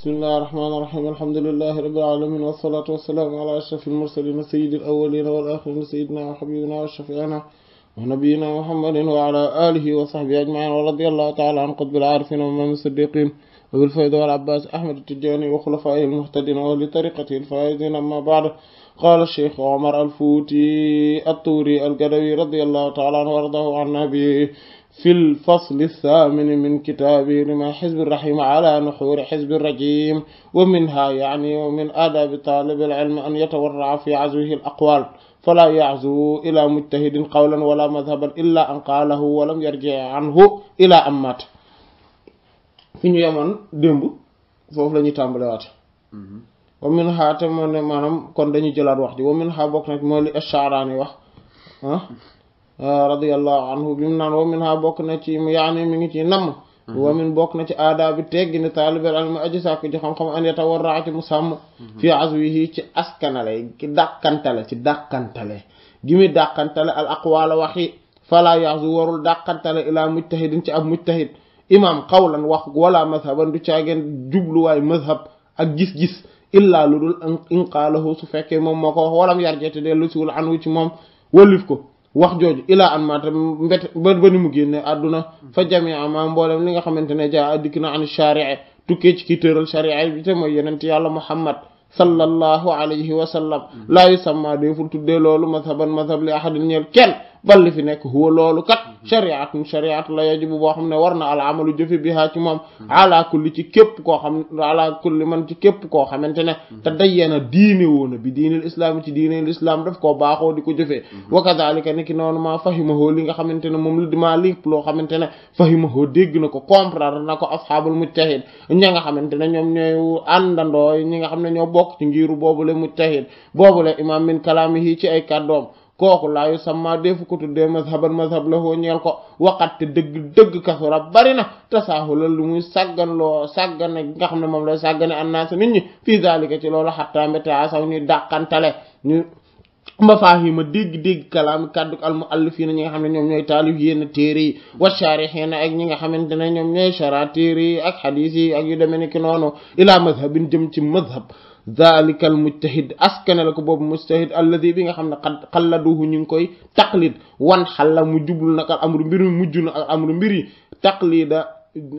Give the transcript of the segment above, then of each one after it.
بسم الله الرحمن الرحيم الحمد لله رب العالمين والصلاة والسلام على أشرف المرسلين سيد الأولين والآخرين سيدنا وحبيبنا وشفيعنا ونبينا محمد وعلى آله وصحبه أجمعين ورضي الله تعالى عن قطب العارفين ومن الصديقين أبو الفيد والعباس أحمد التجاني وخلفائه المهتدين ولطريقته الفائزين أما بعد قال الشيخ عمر الفوتي الطوري القدوي رضي الله تعالى عنه وارضاه عن نبيه في الفصل الثامن من كتابه لما حزب الرحيم على نحور حزب الرجيم ومنها يعني ومن آداب طالب العلم أن يتورع في عزوه الأقوال فلا يعزو إلى مجتهد قولا ولا مذهبا إلا أن قاله ولم يرجع عنه إلى أن مات في ñu ديمبو démb foofu la ومن هاتم mhm. wa min ha te moo ne maanaam kon dañuy jëlaat Ah, radiyallahu anhu bokk na ci yaani mi ngi ci namm mhm. wa min bokk na ci aada bi teggini taalibel almi aji sàkk ji xam-xam an yata warra ci mu sàmm mhm. fii azwihi ci askanale ci dàkkantale ci dàkkantale gi muy dàkkantale al aqwaala waxi fala yaxzu warul dàkkantale ilaa mujtahidin ci ab mujtahid imaam qawlan wax wala mazhaban du caageen jubluwaay mazhab ak gis-gis illaa lu dul inqaalahu su fekkee moom moo ko wax walam yarjete dee lu anhu ci moom wëlif ko wax jooju ilaa an maata mbet ba ba ni mu génne àdduna fa jamia ma mboolem li nga xamante ne jaa dikk na an sharia tukkee ci kii tëral sharia bi te mooy yenent yàlla muhammad sallallahu alayhi wa sallam mm. laa yusamma déeful tuddee loolu mazhaban mazhab li ahadin ñeel kenn bal li fi nekk huwa loolu kat mhm. shariatun shariat la yajibu boo xam ne war na al amalu bi biha ci moom mhm. ala kulli ci képp koo xam ala kulli man ci képp koo xamante ne mhm. te dayyana diine woona bi diinil islaam ci diinil islaam def koo baaxoo di ko jëfee wa kadhalika ni ki noonu maa fahimahoo li nga xamante ne moom la dimaa lépp loo xamante ne fahimahoo dégg na ko comprendre na ko asxaabul mujtahid ña nga xamante ne ñoom ñooy àndandooy ñi nga xam ne ñoo bokk ci ngiru boobule mujtahid boobule imam min kalaamihi ci ay kàddoom kooku laayu sama defu ko tuddee mazhaban mazhab la hoo ñeel ko waxatte dëgg dëgg kasura bari na tasaahula lu muy sàggan loo sàggane nga xam ne moom lay sàggane annaasa nit ñi fii zalika ci loolu xattaa mbétaa saw ñuy dàqantale ñu ma dégg-dégg kalaam kàddu al fii muallifina ñi nga xam ne ñoom ñooy taalif yénn téere yi wa sharihina ak ñi nga xamante ne ñoom ñooy shara téere yi ak xadiis yi ak yu demee ni ki noonu ilaa mazhabin jëm ci mazhab zalikal mujtahid askanale ko boobu mujtahid alladi bi nga xam ne xalladuhu ñu ngi koy taqlid wan xalla mu jublu nag al amru mbir mi mujj na al amru mbir yi taqlida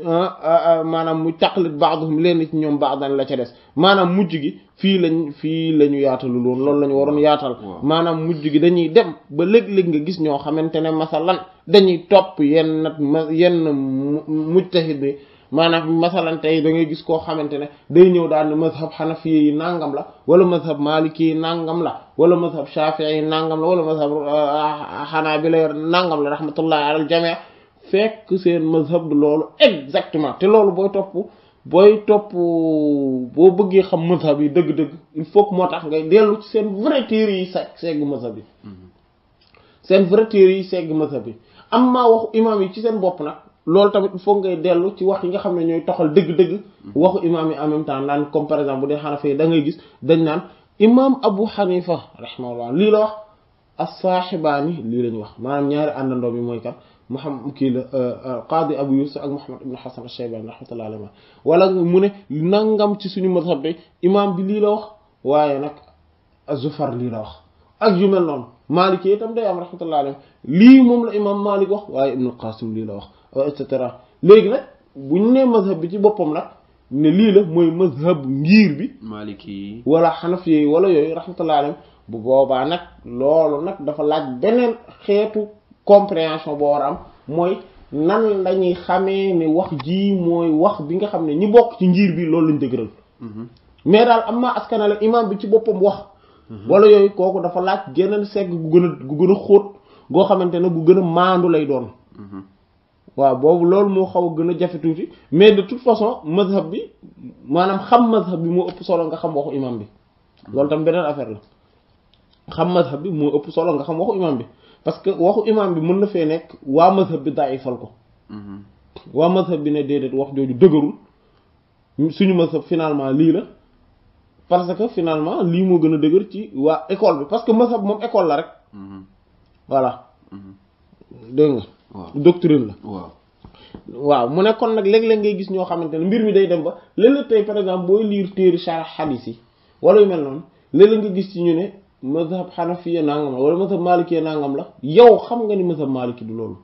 ah, ah, ah, maanaam mu taqlid baaduhum leen ci ñoom baadan la ca des maanaam mujj gi fii lañ fii la yaatalu loolu loolu la ñu waroon yaatal maanaam mujj gi dañuy dem ba léeg-léeg nga gis ñoo xamante ne masalan dañuy topp yenn yenn mujtahid bi maanaam masalan tey da ngay gis koo xamante ne day ñëw daal ne mazhab xanafi yi nangam la wala mazhab maliki yi nangam la wala mazhab shafii yi nangam la wala mazhab xanaabila euh, nangam la rahmatullahi alal jamii fekk seen mazhab du loolu exactement te loolu booy topp booy topp boo bëggee xam mazhab yi dëgg-dëgg il faut moo tax ngay dellu seen vrai téere yi sa segg mazhab yi mm-hmm. seen vrai yi segg mazhab yi am maa waxu imam yi ci seen bopp nag lool tamit fo ngay delu ci wax yi nga xamne ñoy toxal deug deug waxu imam yi en même temps nan comme par exemple bu dee xanafi da ngay gis dañ nan imam abu hanifa rahmalahu li la wax as sahibani li lañ wax manam ñaari andando bi moy kat muhammad ki la qadi abu yusuf ak muhammad ibn hasan ash-shaybani rahmatullahi alayhi wala mu ne nangam ci suñu mazhab bi imaam bi li la wax waye nak az-zufar li la wax ak yu mel non maalik itam day am rahmatullahi alayhi li mom la imam malik wax waye ibn qasim li la wax et cetera léegi nag bu ñu nee mazhab bi ci boppam nag ne lii la mooy mazhab ngir bi. maliki yi wala xanaf wala yooyu rahmatullahi alayhim bu boobaa nag loolu nag dafa laaj beneen xeetu compréhension boo war am mooy nan lañuy xamee ne wax ji mooy wax bi nga xam ne ñi bokk ci ngir bi loolu lañ dëgëral. Mhm. mais daal am naa askanale imaam bi ci boppam wax. Mhm. wala yooyu kooku dafa laaj geneen segg gu gën gu gën xóot goo xamante ne gu gën a maandu lay doon. Mhm. waaw boobu loolu moo xaw a gën a jafe tuuti mais de toute façon mazhab bi maanaam xam mazhab bi moo ëpp solo nga xam waxu imam bi loolu tam beneen affaire la xam mazhab bi moo ëpp solo nga xam waxu imam bi parce que waxu imam bi mën na fee nekk waa mazhab bi daayifal ko waa mazhab bi ne déedéet wax jooju dëgërul suñu mazhab finalement lii la parce que finalement lii moo gën a dëgër ci waa école bi parce que mazhab moom école la rek voilà dégg nga doctrine la waaw mu ne kon nag léeg-léeg ngay gis ñoo xamante ne mbir mi day dem ba léeg-léeg tey par exemple booy liir téere sharh hadith si wala yu mel noonu léeg-léeg nga gis ci ñu ne mazhab xanafiya nangam la wala mazhab maliki nangam la yow xam nga ni mazhab maliki du loolu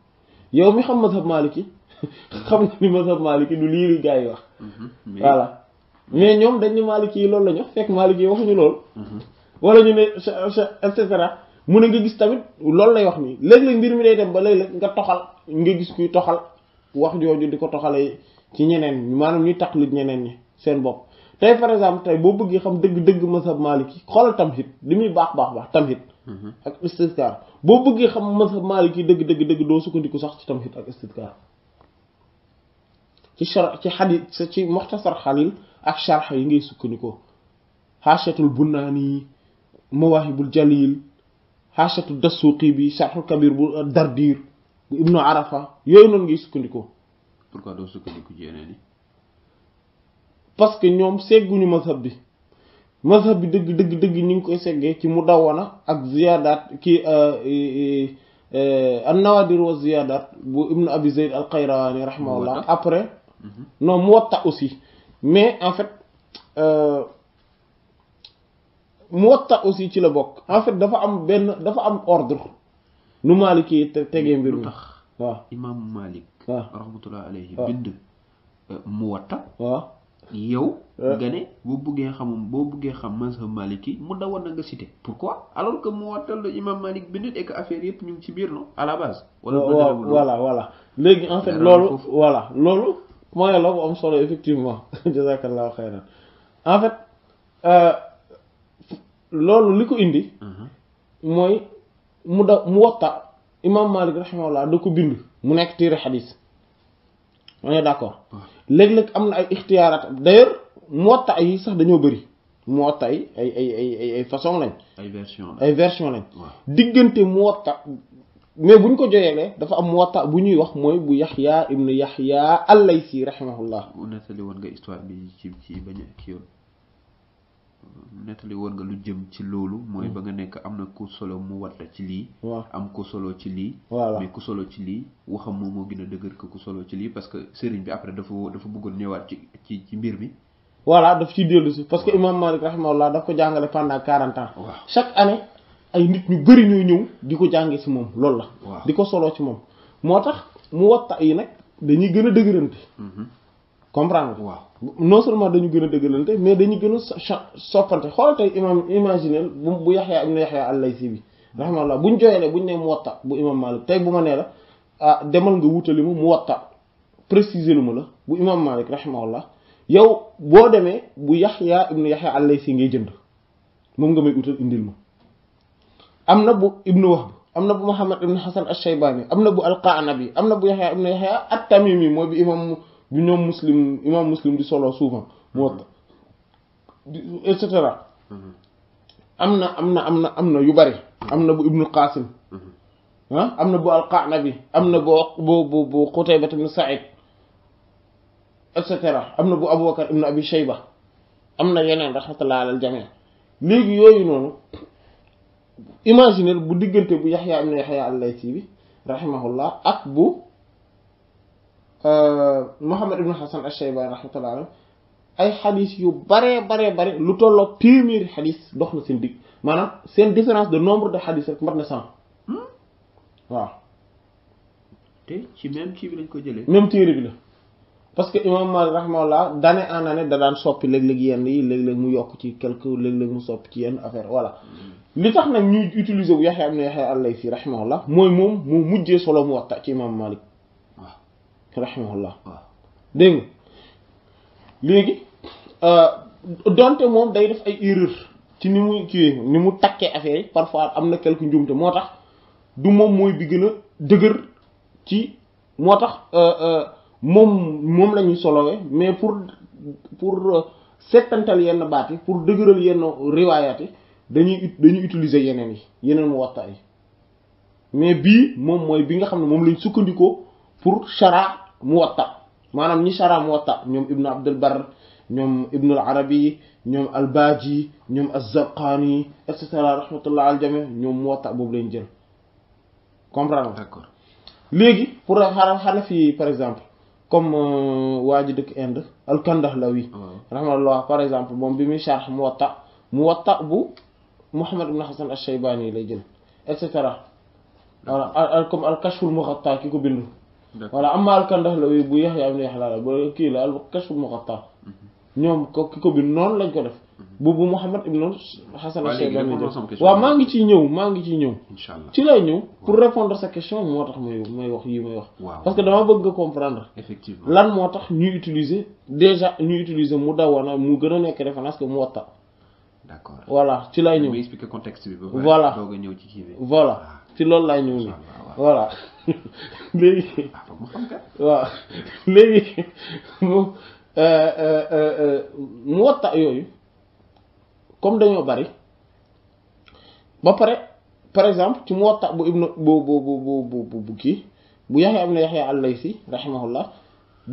yow mi xam mazhab maliki xam nga ni mazhab maliki du lii li gars yi wax mhm, voilà mais ñoom dañ ne maliki yi loolu la ñu fekk maliki yi waxuñu lool mhm. wala ñu ne et cetera mu ne nga gis tamit loolu lay wax nii léeg-léeg mbir mi day dem ba léeg-léeg nga toxal nga gis kuy toxal wax jooju di ko toxalee ci ñeneen maanaam ñuy taqlid ñeneen ñi seen bopp. tey par exemple tey boo bëggee xam dëgg-dëgg mazhab maliki xoolal tamhid li muy baax baax baax tamhid mhm. ak istidkaar boo bëggee xam mazhab maliki dëgg dëgg dëgg doo sukkandiku sax ci tamhid ak istidkaar ci char ci xadis ci moxtasar xalil ak charx yi ngay sukkandikoo xaashatul bunnaani mawaahibul jalil xaasatu dasuuqi bi sarxul kabir bu euh, dardiir bu ibnu arafa yooyu noonu ngay sukkandiku ci que ñoom segguñu mazhab bi mazhab bi dëgg dëgg dëgg ñu ngi koy seggee ci mu mudawana ak ziyaadaat kii euh, euh, an nawaadir wa ziyaadaat bu ibnu abi zayd al qayrawaani rahimahullah après mhm. non mu watta aussi mais en fait. muwatta aussi ci la bok en fait dafa am ben dafa am ordre nu maliki tege tegee mbir mi tax imam Malik waaw rahmatullah alayhi bind euh, muwatta waaw yow euh. nga bo boo buggee bo boo xam mazhab maliki mu dawoon nga cité pourquoi alors que mu wattal imam malik bi et que affaire yep ñu ci biir non à la base wala euh, voilà voilà légui en fait lolu voilà lolu mooy la bu am solo effectivement jazakallah xayran en fait euh loolu li ko indi. Mhm. mooy mu da mu waxta imaam Malik rahimahullah da ko bind mu nekk téere xadis on est d'accord léeg-léeg am na ay ixtiyaaraat d'ailleurs mu waxta yi sax dañoo bëri mu waxta yi ay ay ay ay façon lañ. ay version lañ ay version lañ. diggante mu waxta mais bu ñu ko joyeelee dafa am muwatta bu ñuy wax mooy bu yaxya ibnu yaxya allaysi rahimahullah. mu nettali woon nga histoire bi ci ci bañ kii nettali woon nga lu jëm ci loolu. mooy ba nga nekk am na ku solo mu wat la ci lii. am ku solo ci lii. mais ku solo ci lii waxam moom moo gën a dëgër que ku solo ci lii parce que sëriñ bi après dafa dafa bëggoon ñëwaat ci ci ci mbir mi. voilà daf ciy dellu parce que imam Malik rahimahullah daf ko jàngale pendant quarante ans. chaque année ay nit ñu bëri ñoo ñëw di ko jàngee si moom loolu la. di ko solo ci moom moo tax mu watta yi nag dañuy gën a dëgërante. Mm-hmm. comprendre waaw non seulement dañu gën a dëggalante mais dañu gën a soppante xool tey imam imaginel bu bu yaxyaa am na yaxyaa al-Laysi bi rahmaallah buñ joyelee buñ ne Muwatta bu imam Malik tey bu ma nee la ah demal nga wutali ma Muwatta préciser lu ma la bu imam Malik rahmaallah yow boo demee bu yaxyaa ibnu yaxyaa al-Laysi ngay jënd moom nga may utal indil ma am na bu ibnu Wahb am na bu Muhammad ibnu Hasan al-Shaybani am na bu al-Qa'nabi am na bu yaxyaa bi ñoom muslim imam muslim di solo souvent moo et cetera am na am na am na am na yu bari am na bu ibnu qasim ah, am na bu alqaanabi am na bu bu bu bu xutaybat ibnu said et cetera am na bu aboubacar ibnu abi shayba am na yeneen raxmatullah alal jamii léegi yooyu noonu bu diggante bu yaxyaa ibnu yaxyaa al ak bu Muhammad ibn Hasan ash-Shaybani rahmatullahi alayhi ay xadis yu baree baree bare lu tolloog téeméeri xadis dox na seen digg maanaam seen différence de nombre de xadis rek mat na cent waaw. te ci même kii bi lañ ko jëlee. même téere bi la parce que imam Maalik rahimahullah d'année en année da daan soppi léeg-léeg yenn yi léeg-léeg mu yokk ci quelque léeg-léeg mu soppi ci yenn affaire voilà. li tax nag ñuy utiliser bu Yaxya ibn Yaxya al-Laythi rahimahullah mooy moom moo mujjee solo mu waxta ci imam Maalik. rahimahullah dégg nga léegi euh, donte moom day def ay erreur ci ni mu ci ni mu takkee affaire yi parfois am na quelque njuumte moo tax du moom mooy bi gën a dëgër ci moo tax euh, euh, moom moom la ñuy solowee mais pour pour setantal yenn baat yi pour dëgëral yenn riwaayaat yi dañuy dañuy utiliser yeneen yi yeneen mu waxtaan yi mais bii moom mooy bi nga xam ne moom lañ sukkandikoo pour chara muwatta maanaam ñi sara muwatta ñoom ibnu abdul bar ñoom ibnu al arabi ñoom al baaji ñoom az-zarqaani et cetera rahmatullah al jami ñoom muwatta boobu lañ jël comprendre d'accord léegi pour xanaa xanafi par exemple comme euh, waa ji dëkk Inde al kandahlawi rahmatullah par exemple moom bi muy sharh muwatta muwatta bu Muhammad ibn Hasan al-Shaybani lay jël et cetera voilà comme al kashful mughatta ki ko bindu voilà amma al-Kandahlawi bu Yahya ibn Yahya la ba kii la al-Kashf al-Muqatta mhm. ñoom ko ki bi non lañ ko def mhm. boobu Muhammad ibn Hasan al-Shaybani waaw maa ngi ciy ñëw maa ngi ciy ñëw inshallah ci lay ñew pour répondre sa question motax tax may may wax yi may wax parce que dama bëgg comprendre effectivement lan motax ñu utiliser déjà ñu utiliser mu dawana mu gëna nek référence que Muwatta d'accord voilà ci lay ñew expliquer contexte ñëw voilà ah. ci lool lay ñew nii voilà léegi waaw léegi moom muwatta yooyu comme dañoo bari ba pare par exemple ci muwatta bu ibnu bu bu bu bu bu kii bu yaxya am na yaxya al-laysi rahimahullah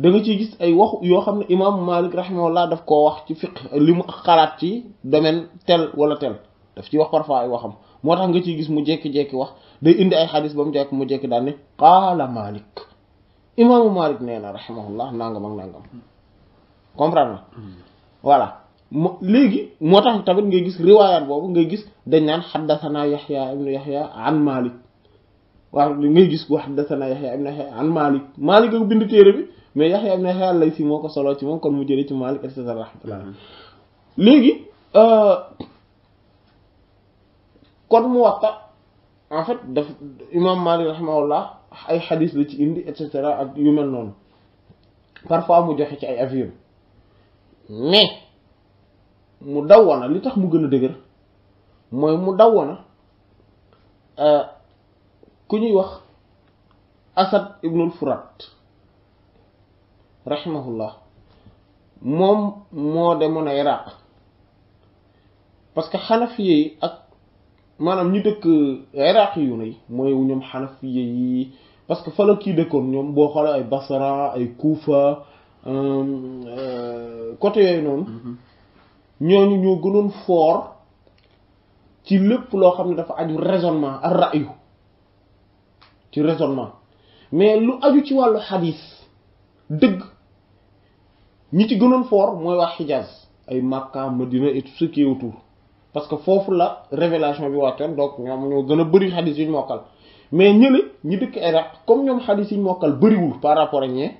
da nga ciy gis ay wax yoo xam ne imaamu malik rahimahullah daf koo wax ci fiqh li mu xalaat ci domaine tel wala tel daf ci wax parfois ay waxam moo tax nga ciy gis mu jékki-jékki wax day indi ay hadith bam mu mu jek dal ni qala Malik imam Malik neena rahimahullah nangam ak nangam comprendre hmm. voilà legui motax tamit ngay gis riwayat bobu ngay gis dañ nan hadathana yahya ibn yahya an Malik waaw ngay gis ko hadathana yahya ibn yahya an Malik Malik ak bind tere bi mais yahya ibn yahya lay si moko solo ci mom kon mu jere ci Malik et cetera rahmatullah euh kon mu wax en fait imam Malik rahimahullah ay hadith la ci indi et cetera ak yu mel non parfois mu joxe ci ay avion mais mu dawona li tax mu gëna moy mu euh, ku ñuy wax Asad ibnul Furat rahimahullah Mom mo demoon a Iraq parce que xanafi ak maanaam ñu dëkk iraq yu ne mooy ñoom xanafiye yi parce que fa la kii dëkkoon ñoom boo xoolee ay Basra ay Kufa euh, côté yooyu noonu mhm. ñooñu ñoo gënoon fort ci lépp loo xam ne dafa aju raisonnement ak rayu ci raisonnement mais lu aju ci wàllu xadis dëgg ñi ci gënoon foor mooy wax Hijaz ay Makka Madina et tout ce qui est parce que fofu la révélation bi wàccoon donc ñom ñu gëna bëri hadith yu mokal mokkal mais ni ñi dëkk Irak comme ñom hadith yi mokal bëri bëriwul par rapport ak ñé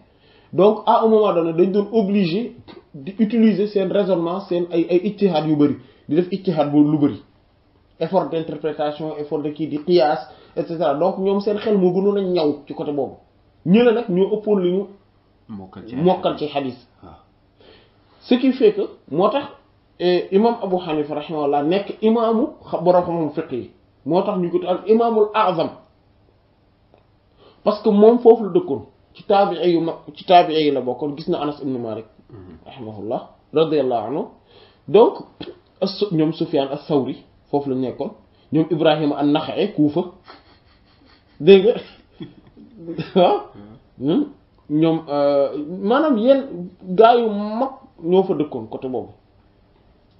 donc à un moment donné dañ doon obligé di utiliser seen raisonnement sen ay ay ittihad yu bëri di def ittihad bu lu bëri effort d'interprétation effort de kii di qiyaas et cetera donc ñom sen xel mo gënoon na ñaw ci côté boobu ñële nak ñoo ëppoon li ñu mokkal ci hadith. Ah. ce qui fait que motax imam Abu Hanifa rahimahullah nek imam borom xam-xamu fiq ñu ko tuddee imamul azam parce que mom fofu la dëkkoon ci tabi'i yu mag ci tabi'i la bokkon gis na Anas ibn Malik rahimahullah radiyallahu anhu donc ñom sufyan as-Sawri fofu la nekkon ñom ibrahim an nakhai kufa deug nga ñoom maanaam yenn gaa yu mak ñofa dekkon côté bobu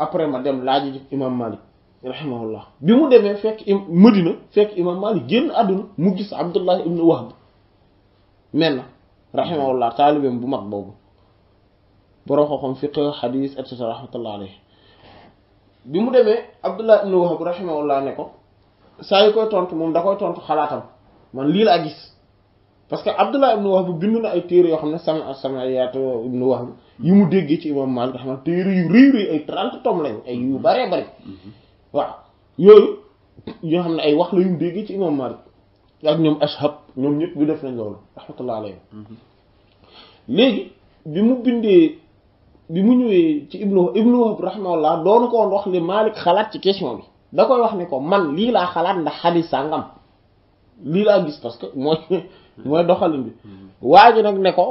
après ma dem laaj ji imam Malik rahimahullah bi mu demee fekk Madina fekk imam Malik génn aduna mu gis Abdullah ibn Wahb mel rahimahullah talibem bu mag bobu borom xoxom xam fiqh xadiis et cetera rahmatullah alayh bi mu demee Abdullah ibn Wahb rahimahullah ne ko say ko tontu mom da koy tontu khalatam man li la gis parce que Abdullah ibn Wahb bindu na ay téré yo xamné sama sama samayaatu ibn Wahb yu mu ci imam Malik nga téré yu rëy rëy ay 30 tom lañ ay yu bëree bëri wa yoy yo xamné ay wax la yu déggé ci imam Malik ak ñom ashab ñom ñepp bi def nañ lool rahmatullah alayhi légui bi mu bindé bi mu ñëwé ci ibnu ibnu Wahb rahmatullah doon ko woon wax li Malik xalaat ci question bi da koy wax ni ko man li la xalaat ndax hadith sangam lii laa gis parce que mooy mooy doxalin bi hmm. waa ji nag ne ko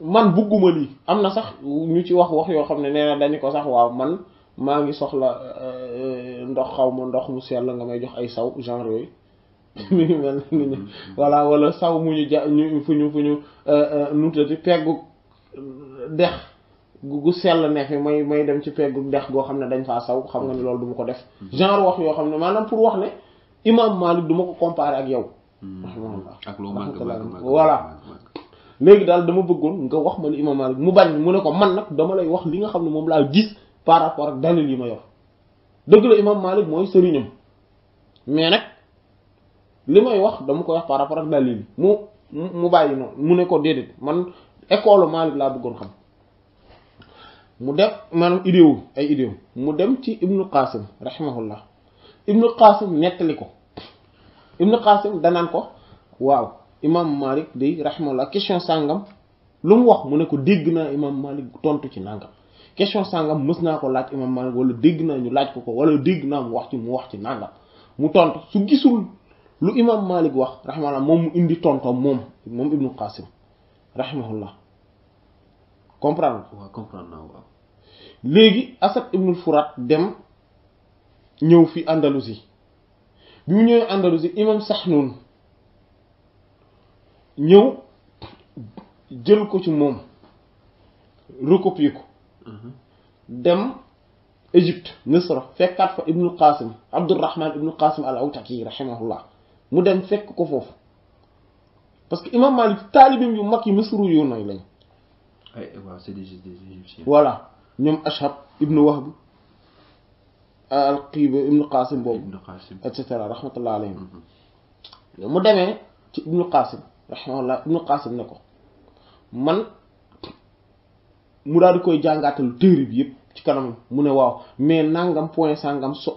man bugguma lii am na sax ñu ci wax wax yoo xam ne nee dañu ko sax waaw man maa ngi soxla euh, ndox xaw ma ndox mu sell nga may jox ay saw genre yooyu hmm. voilà wala saw mu ja fu ñu fu ñu euh, euh, nutati peggu dex gu sell ne fi may may dem ci peggu dex goo xam ne dañ faa saw xam nga ni hmm. loolu duma ko def genre wax yoo xam ne maanaam pour wax ne imam Malik du ma ko comparer ak yow. Hmm. ak loo voilà. léegi daal dama bëggoon nga wax ma li imam Malik mu bañ mu ne ko man nag dama lay wax li nga xam ne moom laa gis par rapport ak dalil yi ma yor dëgg la imam Malik mooy sëriñam mais nag li may wax dama ko wax par rapport ak dalil yi mu mu bàyyi noonu mu ne ko déedéet man école Malik laa bëggoon xam. mu dem maanaam idéewu ay idéew mu dem ci ibnu qasim rahimahullah ibnu qasim nettali ko ibnu qasim danaan ko waaw imam malik day rahimahullah question sàngam lu mu wax mu ne ko dégg naa imam malik tontu ci nàngam question sàngam mës naa ko laaj imam malik wala dégg naa ñu laaj ko ko wala dégg naa mu wax ci mu wax ci nàngam mu tontu su gisul lu imam malik wax rahimahullah moom mu indi tontom moom moom ibnu qasim rahimahullah comprendre waaw comprendre léegi asad ibnul furat dem ñëw fi Andalousie bi mu ñew Andalousie imam Sahnun ñëw jël ko ci mom recopier ko dem Égypte Misra fekkat fa Ibnul Qasim Abdurrahman Ibnul Qasim al-Awtaki rahimahullah mu dem fekk ko fofu parce que imam Malik talibim yu makki misru yu noy lañ. ay waaw c'est des Égyptiens. voilà ñom ashab Ibnu Wahb alqiba ibnu qasim boobu et cetera rahmatullah alayhim mu demee ci ibnu qasim rahmatullah ibnu qasim ne ko man mu daal di koy jàngaatal téere bi yépp ci kanam mu ne waaw mais nangam point sangam so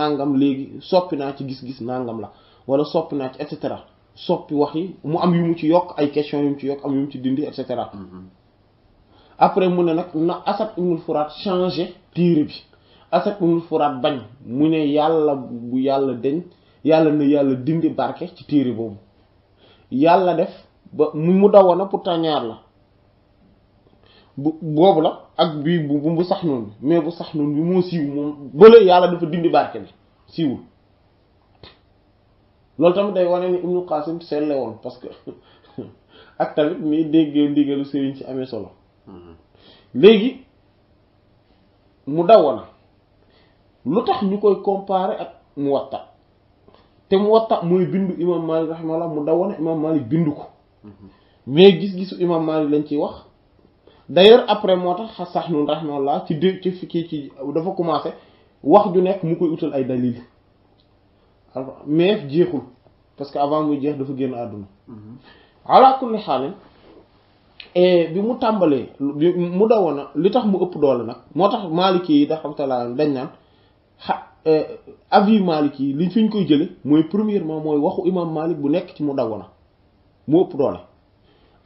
nangam léegi soppi naa ci gis-gis nangam la wala soppi naa ci et cetera soppi wax yi mu am yu mu ci yokk ay question yu mu ci yokk am yu mu ci dindi et mm-hmm. après mu ne nag na Asad ibnul Furaat changé téere bi asatul furaat bañ mu ne yàlla bu yàlla deñ yàlla na yàlla dindi barke ci téere boobu yàlla def ba mu dawoon na pourtant ñaar la bu boobu la ak bii bu bu sax noonu mais bu sax noonu bi moo siiw moom bële yàlla dafa dindi barke bi siiwul loolu tamit day wane ni Ibnu Qasim seetle woon parce que ak tamit ni déggee ndigalu sëriñ ci amee solo mm-hmm. léegi mu dawoon na lu tax ñu koy comparer ak Muwatta te Muwatta mooy bindu imam Malik rahimahullah mu dawoon imam Malik bindu ko mhm. mais gis-gisu imam Malik lañ ciy wax d'ailleurs après moo tax xas sax ñun rahimahullah ci dé ci fii ci dafa commencé wax ju nekk mu koy utal ay dalil mais parce que avant muy jeex dafa génn àdduna. Mhm. bi mu tàmbalee bi mu dawoon li tax mu ëpp doole nag moo tax Maliki kii da xam dañ naan. Euh, avis Malik yi liñ fi ñu koy jële mooy premièrement mooy waxu imam Malik bu nekk ci mu dawwana mu ëpp doole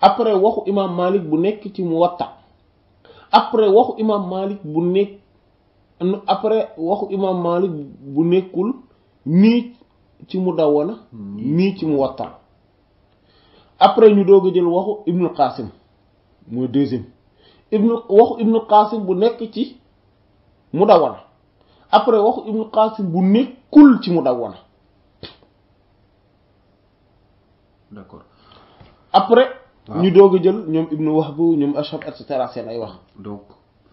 après waxu imam Malik bu nekk ci mu watta après waxu imam Malik bu nekk après waxu imam bu nekkul nii mu dawwana nii ci mu après ñu doog a jël waxu ibnu Qasim mooy deuxième ibnu waxu ibnu Qasim bu nekk ci mu dawwana après waxu ibnu qasim bu nekul ci mu dawwana d'accord après ah. ñu jël ñom ashab et donc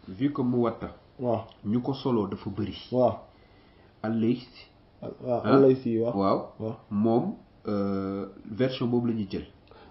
vu que mu watta wa ñuko solo dafa bëri wa ah. euh, version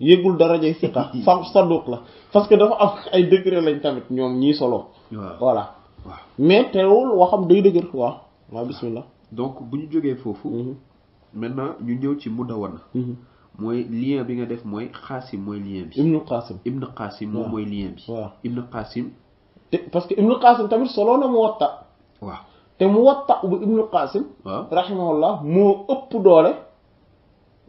yéegul darajay siqa sa saduq la parce que dafa am ay degré lañ tamit ñoom ñii solo. waaw voilà. mais teewul waxam day dëgër waaw. waaw bismillah donc bu ñu jógee foofu. Mhm. maintenant ñu ñëw ci mudawana. Mhm. mooy lien bi nga def mooy xaasim mooy lien bi. ibnu xaasim ibnu xaasim moom mooy lien bi. waaw ibnu xaasim. te parce que ibnu xaasim tamit solo na mu watta. waaw te mu watta bu ibnu xaasim. waaw moo ëpp doole.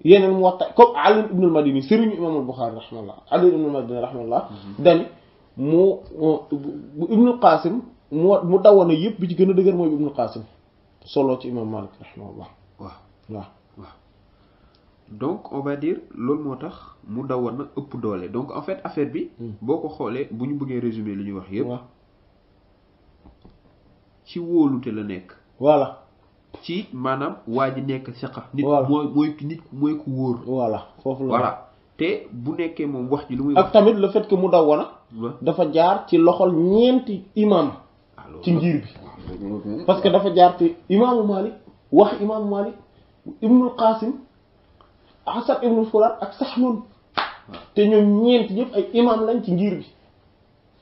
yeneen Muwatta comme Ali ibn al-Madini sëriñu imaam al-Bukhari rahimahullah Ali ibn al-Madini rahimahullah mhm. mu Ibn al-Qasim mu mu dawoon yëpp bi ci gën a dëgër mooy Ibn al-Qasim solo ci imaam Malik rahimahullah waaw waaw donc on loolu moo tax mu dawoon na ëpp doole donc en fait affaire bi. Hmm. boo ko xoolee bu ñu bëggee résumer lu ñuy wax yëpp. ci wóolute la nekk. voilà. ci maanaam waa ji nekk siqa nit mooy mooy nit ku wóor voilà foofu la voilà te bu nekkee moom wax ji lu muy ak tamit le fait mu daw wana dafa jaar ci loxol ñeenti imam ci ngir bi parce que dafa jaar ci imaamu Malik wax imaamu Malik ibnul Qasim Hasan ibnul Furat ak Sahnun te ñoom ñeenti ñëpp ay imam lañ ci njiir bi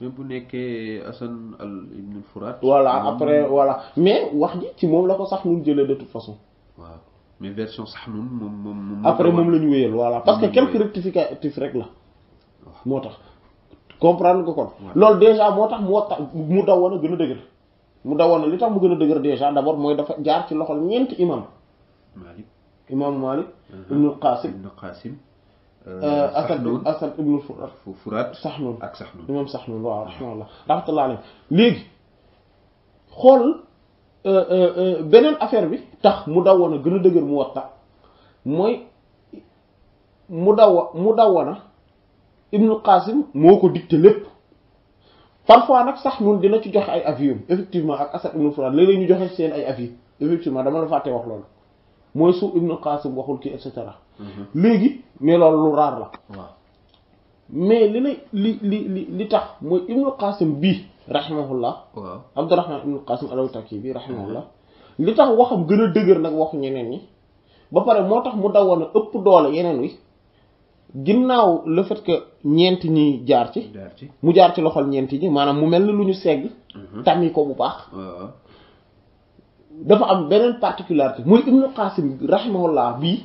même bu nekkee Hassan al ibn Furat. voilà après voilà mais wax ji ci moom la ko sax nun jëlee de toute façon. waaw mais version sax nun moom moom. après moom la ñu wéyal voilà parce que quelques rectificatifs rek la. moo tax comprendre nga kon. loolu déjà moo tax moo tax mu dawoon a gën a dëgër. mu dawoon na li tax mu gën a dëgër déjà d'abord mooy dafa jaar ci loxol ñeenti imam. Malik imam Malik. Uh-huh. ibn al Qasim ibn al Qasim. asal asal ibnu furaat saxnun ak saxnun imam saxnun waaw raxmatullah raxmatullah alayhi léegi xool beneen affaire bi tax mu dawwana gën a dëgër mu watta mooy mu dawwa mu dawwana ibnu qasim moo ko dicté lépp parfois nag sax ñun dina ci joxe ay avis effectivement ak asad ibnu furaat léeg-léeg ñu joxe seen ay avis effectivement dama la fàtte wax loolu mooy su ibnu qasim waxul kii et cetera Mm-hmm. léegi mais loolu lu raar la. waaw mais li lay li li li li tax mooy Ibnu Qasim bii. rahimahullah waaw Abdurahman Ibnu Qasim al-Awtaki bii rahimahullah mm-hmm. li tax waxam gën a dëgër nag waxu ñeneen ñi ba pare moo tax mu dawoon a ëpp doole yeneen wi ginnaaw le fait que ñeent ñi jaar ci. mu jaar ci loxol ñeent ñi maanaam mu mel ni lu ñu segg. tammi mm-hmm. ko bu baax. dafa am beneen particularité muy ibnu qasim rahimahullah bii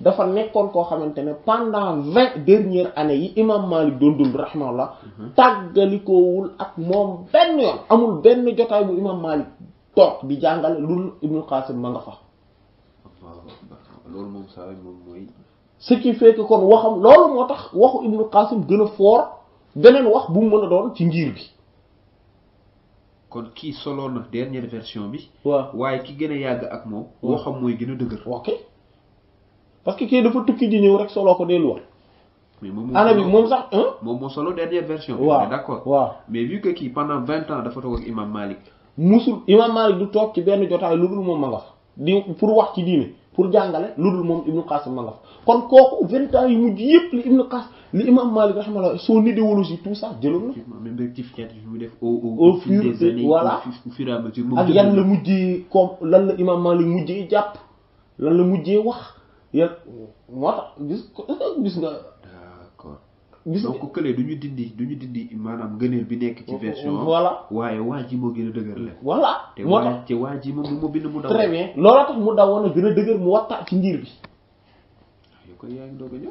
dafa nekkoon koo xamante ne pendant vingt dernières années yi imam malik doon dund rahimahullah mhm. tàggalikoowul ak moom benn yoon amul benn jotaay bu imam malik toog di jàngale lul ibnu qasim ma nga fa loolu moom saa moom mooy ce qui fait kon waxam loolu moo tax waxu ibnu qasim gën a beneen wax bu mu mën a doon ci ngir bi kon kii soloon na dernière version bi. waaw waaye ki gën a yàgg ak moom. waxam mooy gën a dëgër. ok parce que kii dafa tukki di ñëw rek soloo ko delluwaat. mais moom ana bi moom sax. moom moo solo dernière version. waaw d'accord waaw. mais vu que kii pendant vingt ans dafa toog ak imam Malik. musul imam Malik du toog ci benn jotaay lu dul moom ma nga fa di pour wax ci diine pour jàngale lu dul moom Ibnu Qasim ma nga fa kon kooku vingt ans yu mujj yëpp li Ibnu Qasim ni imam malik rahmalahu de wolosi tout ça jëlum na même benn tif xet yu def au au au fur des années voilà au fur et à mesure ak yan la mujjé comme lan la imam malik mujjé japp lan la mujjé wax ya motax tax gis gis nga donc gis donc duñu dindi duñu dindi manam gëneel bi nekk ci oh, oh, version oh. voilà waye eh, waji mo gëna a dëgër la voilà té waji ci waji mo mo bind mu daw très bien ya. loola tax mu daw woon gëna gën mu watta ci ndir bi yow ko yaa ngi ñu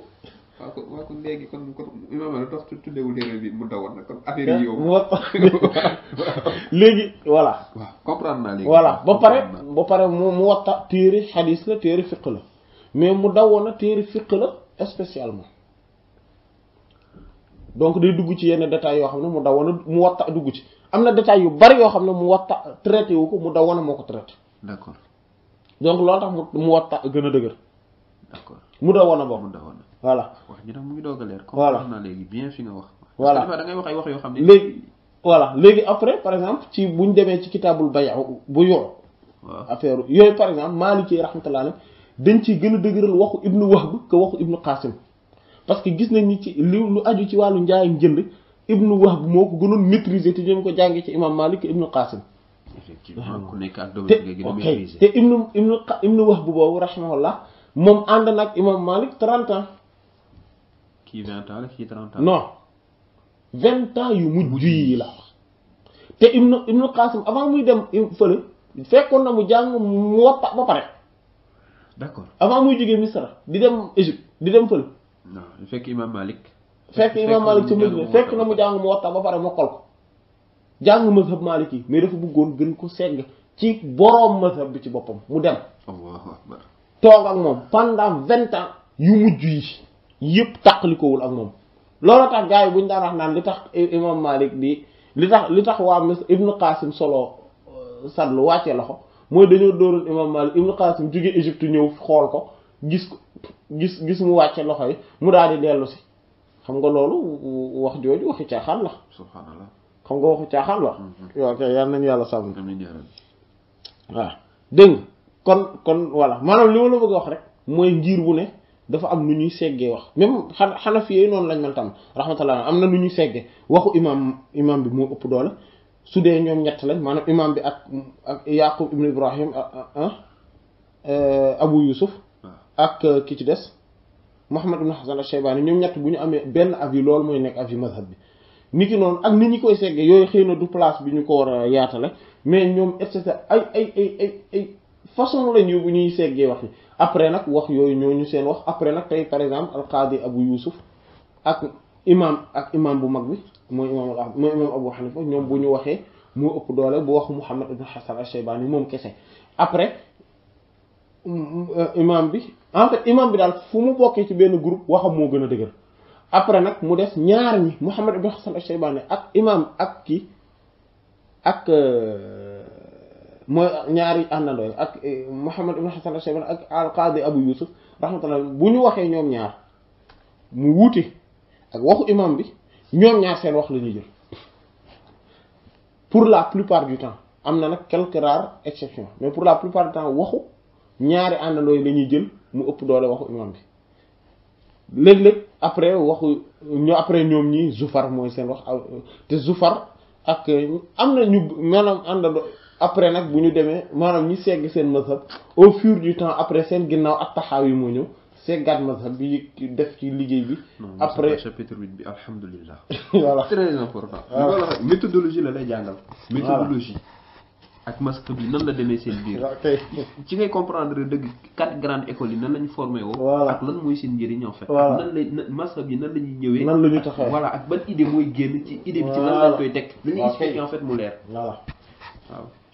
waaw kon léegi kon kon imam la dox tuddeewul téere bi mu dawoon nag kon affaire yi yow léegi voilà waaw comprendre naa léegi voilà ba pare ba pare mu mu watta téere xadis la téere fiq la mais mu dawoon na téere fiq la spécialement donc day dugg ci yenn détails yoo xam ne mu dawoon mu watta dugg ci am na détails yu bari yoo xam ne mu watta traité wu ko mu dawoon moo ko traité donc loolu tax mu mu watta gën a dëgër mu dawoon a boobu mu dawoon voilà wax mu ngi doog a leer. voilà léegi bien fi nga wax. voilà da yoo xam ne. léegi voilà léegi après par exemple ci bu ñu demee ci kitaabul bay bu yor. waaw affaire yooyu par exemple Maliki rahmatullah alayhi dañ ci gën a dëgëral waxu ibnu Wahb que waxu ibnu Qasim parce que gis nañ ni ci li lu aju ci wàllu njaay njënd ibnu Wahb moo ko gënoon maîtriser te ñu ko jàngee ci imam Malik ibnu Qasim. effectivement ku nekk ak domaine nga gën te ibnu ibnu ibnu Wahb boobu rahimahullah moom ànd na ak imam Malik 30 ans. kii 20 ans la kii 30 ans non 20 ans yu te ibnu ibnu qasim avant muy dem fële fekkoon na mu jàng mu wappa ba pare d'accord avant di dem di dem non fekk imam malik fekk imam malik ci mujj fekk na mu jàng mu wappa ba pare mazhab Maliki, mais dafa bëggoon gën ko borom mazhab bi ci bopam mu dem allahu akbar toog ak moom pendant 20 ans yu yëpp tàqalikowul ak moom loolu tax gars yi bu ñu daan wax naan li tax imam Malik di li tax li tax waa mis ibnu Qasim solo euh, sadlu wàcce loxo mooy dañoo dóoroon imam Malik ibnu Qasim jóge Égypte ñëw xool ko gis gis mu wàcce loxo yi mu daal di dellu si xam nga loolu wax jooju waxi caaxaan la xam nga waxu caaxaan la mhm. yow kay nañu yàlla sàmm waaw dégg kon kon voilà maanaam li ma la bëgg a wax rek mooy ngir bu ne dafa am nu ñuy seggee wax même xalaf yi non lañ mel tam rahmatullah am na nu ñuy seggee waxu imam imam bi mo upp doola su ñom ñett lañ manam imam bi ak ak yaqub ibn ibrahim euh abu yusuf ak ki ci dess mohammed ibn hasan al-shaybani ñom ñett bu ñu amee benn avis lool moy nek avis mazhab bi niki non ak nit ñi koy séggé yoy xeyna du place bi ñu ko wara yaatale mais ñom et cetera ay ay ay ay façon la ñu bu ñuy seggee wax yi après nag wax yooyu ñoo ñu seen wax après nag tey par exemple alqaadi abu yusuf ak imam ak imam bu mag bi mooy imam al mooy ñoom bu ñu waxee moo ëpp doole bu wax muhammad ibn hasan al-shaybani moom kese après euh, imam bi en fait bi daal fu mu bokkee ci benn groupe waxam moo gën a dëgër après nag mu des ñaar ñi muhammad ibn hasan al ak imam ak ki ak euh, mooy ñaari àndandoo ak mohammed ibn Hasan al-Shaybani ak al-Qadi Abu Yusuf rahmatullah buñu waxe ñom ñaar mu wuti ak waxu imam bi ñom ñaar seen wax lañu jël pour la plupart du temps amna nak quelques rares exceptions mais pour la plupart du temps waxu ñaari àndandoo lañu jël mu upp doole waxu imam bi leg leg après waxu ñu après ñom ñi Zufar moy seen wax te Zufar ak amna ñu manam àndandoo. après nak buñu démé manam ñi ségg seen mazhab au fur du temps après seen ginnaw ak taxaw yi moo ñëw seggaat mazhab bi def ci liggéey bi. après chapitre 8 bi alhamdulilah. voilà très important. méthodologie la lay jàngal. méthodologie. ak masque bi nan la démé seen biir. ci ngay comprendre dëgg quatre grandes écoles yi nan lañ formé wo ak lan moy seen jëri ñoo fait. nan la masque bi nan lañ ñëwé ñëwee. nan la ñu voilà ak ban idée moy génn. ci idée bi ci lan lañ koy teg. li ñu expliqué en fait mu leer. voilà waaw.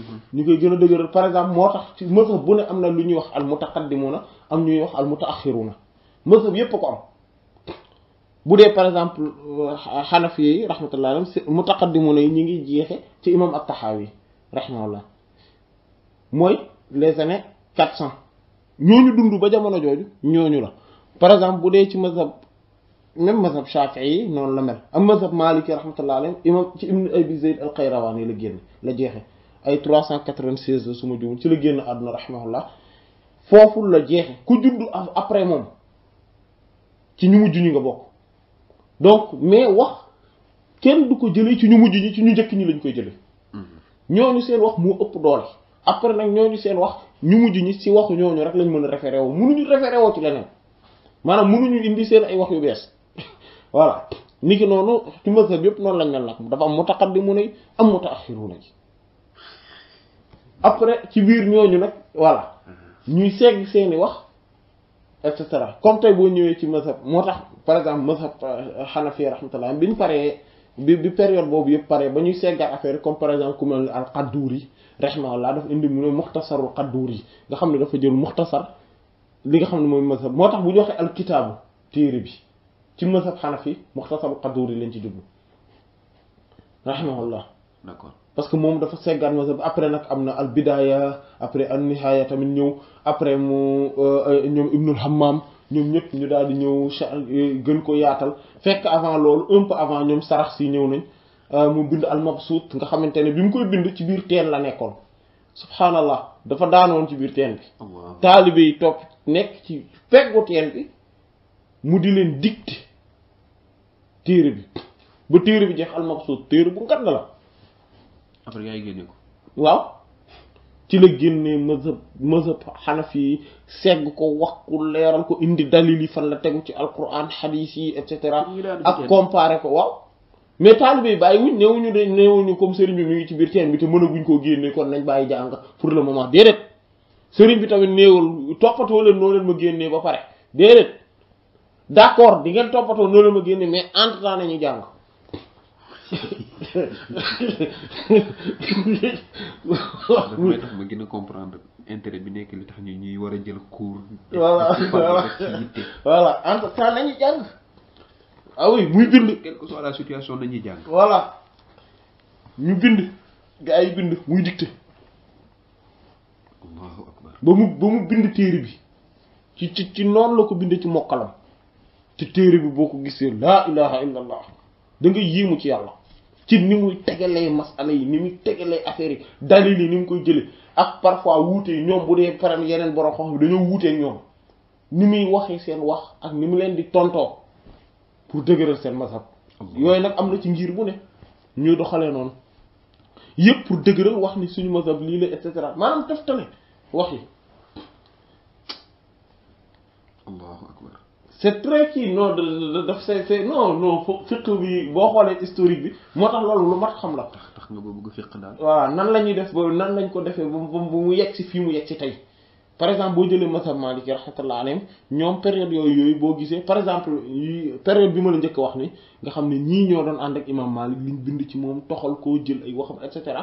Mm-hmm. ñu koy gën a dëgëral par exemple moo tax ci bu ne am lu ñuy wax al mutaqaddimuna am ñuy wax al mutaaxiruna mazhab yépp ko am bu dee par exemple xanafi euh, yi rahmatullah alam mutaqaddimuna yi ñu ngi jeexe ci imam at-tahawi rahimahullah mooy les années quatre cent ñooñu dund ba jamono jooju ñooñu la par exemple bu dee ci mazhab même mazhab Shafi'i yi noonu la mel am mazhab Maliki rahmatullah alayhi imam ci ibn Abi Zayd al-Qayrawani la génn la jeexe ay 396 la su ma juumul ci la génn àdduna rahimahullah foofu la jeexe ku juddu après moom ci ñu mujj ñi nga bokk donc mais wax kenn du ko jëlee ci ñu mujj ñi ci ñu njëkk ñi lañ koy jëlee mm-hmm. ñu seen wax moo ëpp doole après nag ñoo ñu seen wax ñu mujj ñi ci waxu ñoo ñu rek lañ mën a référé woo mënuñu référé woo ci leneen maanaam mënuñu indi seen ay wax yu bees voilà niki noonu ci mazhab yëpp noonu lañ leen nag dafa am mutaqaddimuuna am mutaaxiruuna ji après ci biir ñooñu nag voilà ñuy segg seeni wax et cetera comme tey boo ñëwee ci mazhab moo tax par exemple mazhab xanafi euh, rahmatullah bi ñu paree bi bi période boobu yëpp pare ba ñuy seggaat affaire comme par exemple ku mel al qadduuri rahmatullah dafa indi mu ne muxtasarul qadduuri nga xam ne dafa jël muxtasar li nga xam ne mooy mazhab moo tax bu ñu waxee téere bi ci mazhab xanafi muxtasarul qadduuri lañ ci jublu rahmatullah d'accord parce que moom dafa seggaat mazhab après nag am na al bidaya après an nihaya tamit ñëw après mu euh, ñoom ibnul hammam ñoom ñëpp ñu daal di ñëw euh, gën ko yaatal fekk avant loolu un avant ñoom sarax si ñëw nañ euh, mu bind al mabsuut nga xamante ne bi mu koy bind ci biir teen la nekkoon subhaanallah dafa daanoon ci biir teen bi taalibe yi topp nekk ci peggu teen bi mu di leen dicté téere bi ba téere bi jeex al mabsuut téere bu ngand la après gars yi génne ko. waaw ci la génnee mazhab mazhab xanaf yi segg ko wax ku leeral ko indi dalil yi fan la tegu ci alquran xadiis yi et cetera. ak comparé ko waaw. mais taalibe yi bàyyi wuñ néewuñu de néewuñu comme sëriñ bi mu ngi ci biir teen bi te mënaguñ koo génne kon nañ bàyyi jàng pour le moment déedéet sëriñ bi tamit néewul toppatoo leen noo leen ma génnee ba pare déedéet d'accord di ngeen toppatoo noo leen ma génne mais entre temps nañu jàng. daf may tax ma gën a comprendre intérêt bi nekk li tax ñu ñuy war a jël cours voilà voilà entre temps nañu jàng ah oui muy bind quelle soit la situation nañuy jàng voilà ñu bind gars yi bind muy dicté ba mu ba mu bind téere bi ci ci ci noonu la ko bind ci mokkalam te téere bi boo ko gisee laa ilaha illallah da nga yéemu ci yàlla ci ni muy tegalee masala yi ni muy tegalee affaire yi dalil yi ni mu koy jëlee ak parfois wuute ñoom bu dee param yeneen borom xam dañoo wuutee ñoom ni muy waxee seen wax ak ni mu leen di tontoo pour dëgëral seen masab yooyu nag am na ci ngir bu ne ñuy doxalee noonu yëpp pour dëgëral wax ni suñu masab lii la et cetera maanaam teftale wax yi c'est très kii non daf c'est c'est non non fiq bi boo xoolee historique bi moo tax loolu lu mat xam la. tax nga ba bëgg fiq daal. waaw nan la ñuy def ba nan lañ ko defee ba mu ba mu yegg si fii mu yegg si tey. par exemple boo jëlee masab Maliki rahmatullah alayhim ñoom période yooyu yooyu boo gisee par exemple yi période bi ma la njëkk wax ni nga xam ne ñii ñoo doon ànd ak imam Malik liñ bind ci moom toxal ko jël ay waxam et cetera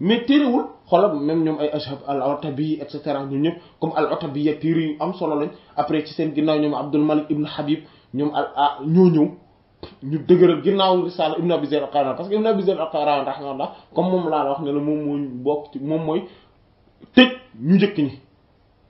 mais téerewul xoolal même ñoom ay ashab al otabi et cetera ñoom ñëpp comme al otabi ya téere yu am solo lañ après ci seen ginnaaw ñoom Abdul Malik ibn Habib ñoom al ah ñoo ñëw ñu dëgëral ginnaaw risaala ibn Abi Zayd al-Qarawaan parce que ibn Abi Zayd al-Qarawaan rahmatullah comme moom laa wax ne la moom moo bokk moom mooy ñu njëkk ñi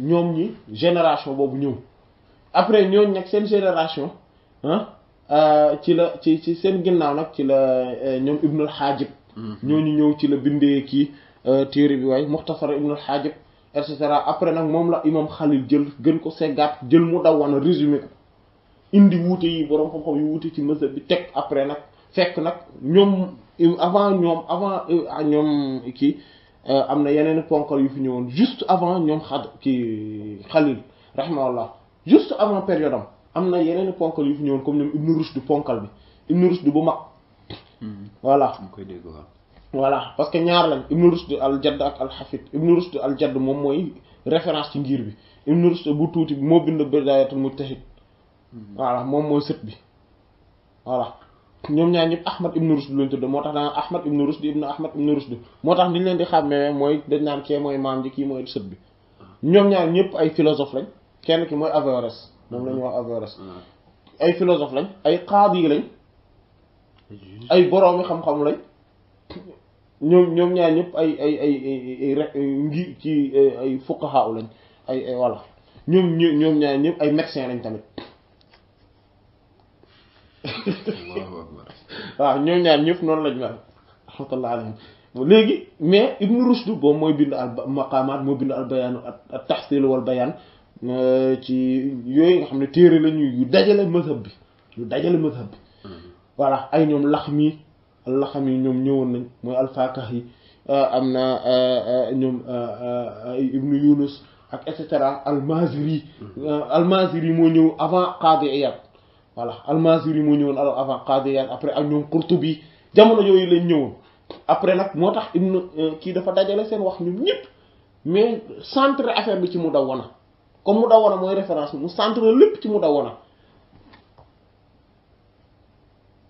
ñoom ñi génération boobu ñëw après ñooñ nag seen génération ah euh, ci la ci ci seen ginnaaw nag ci la euh, ñoom Ibnul Xaajib mm-hmm. ñooñu ñëw ci la bindee kii euh, téere bi waaye Muxtasar Ibnul Xaajib et cetera après nag moom la imam Xalil jël gën ko seggaat jël mu daw wan a résumé ko indi wuute yi boroom xam-xam yi wuute ci mësa bi teg après nag fekk nag ñoom avant ñoom avant ñoom kii amna yeneen ponkal yu fi ñëwoon juste avant ñoom xad ki xalil rahimahullah juste avant période am am yeneen ponkal yu fi ñëwoon comme ñoom Ibn Rushd ponkal bi Ibn Rushd bu mag. voilà mu koy dégg voilà parce que ñaar lañ Ibn Rushd al jadd ak al xafid Ibn Rushd al jadd moom mooy référence ci ngir bi ibnu Rushd bu tuuti bi moo bind Bidaayatul Mujtahid. voilà moom mooy sët bi voilà. ñoom ñaar ñëpp Ahmad ibn Rushd lañ tudd moo tax daan Ahmad ibn Rushd ibn Ahmad ibn Rushd moo tax niñ leen di xàmmee mooy dañ naan kee mooy maam ji kii mooy sët bi ñoom ñaar ñëpp ay philosophe lañ kenn ki mooy Averroès moom la wax Averroès ay philosophe lañ ay qaadi lañ ay boroomi xam-xam ñoom ñoom ñaar ñëpp ay ay ay ay ngi ci ay fuqaha lañ ay ay walla ñoom ñoom ñaar ñëpp ay médecin lañ tamit waaw ñoo ñaar ñëpp noonu lañ mel rahmatullah alayhim léegi mais ibnu rushd boobu mooy bind al maqaamaat moo bind al bayaan at tahsil wal bayaan ci yooyu nga xam ne téere la ñuy yu dajale mazhab bi yu dajale mazhab bi voilà ay ñoom lax mi laxam mi ñoom ñëwoon nañ mooy alfaakax yi am na ñoom ibnu yunus ak et cetera almaziri almaziri moo ñëw avant qaadi iyad voilà almasiri mo ñëwoon al avant qadiyat après ak ñom qurtubi jamono yooyu lañ ñëwoon après nak motax ibnu euh, ki dafa dajale seen wax ñoom ñep mais centre affaire bi ci mu dawona wana comme mu dawona moy référence mu centre lepp ci mu dawona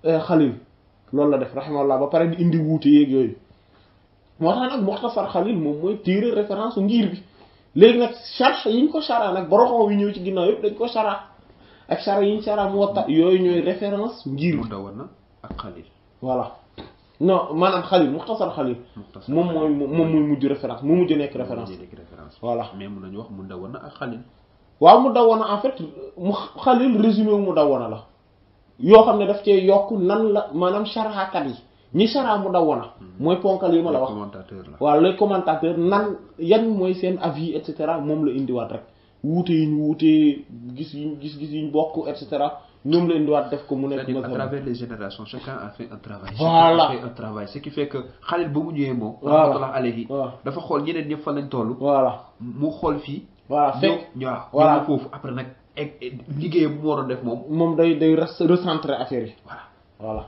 wana khalil euh, loolu la def rahimahullah ba pare di indi wuti yeeg yoy motax nak nag khalil mom moy tirer référence ngir bi léegi nak charge yiñ ko chara nak boroxo wi ñew ci ginnaw dañ ko chara ak sara yi ñu sara Muwatta yooyu ñooy référence ngir. Mudawwana ak Xalil. voilà non maanaam Xalil Muxtasar Xalil. Muxtasar moom mooy moom mooy mujj référence mu mujj nekk référence. voilà mais mun nañu wax Mudawwana ak Xalil. waaw Mudawwana en fait mu Xalil résumé wu Mudawwana la yoo xam ne daf cee yokk nan la maanaam saraakat yi. ñi saraa mu daw wana mm-hmm. mooy ponkal yi ma la wax waaw les commentateurs nan yan mooy seen avis et cetera moom la indiwaat rek wuté ñu wuté gis gis gis yi ñu bokk et cetera ñom leen doon def ko mu nekk. à travers les générations chacun a fait un travail. voilà chacun a fait un travail ce qui fait que xalil bu mu ñëwee moom. voilà rahmatullah alayhi dafa xol ñeneen ñëpp fa lañ tollu voilà mu xol fi voilà fek ñoo voilà fofu après nak liggéeyam bu mo do def mom mom day day recentrer affaire yi. voilà voilà.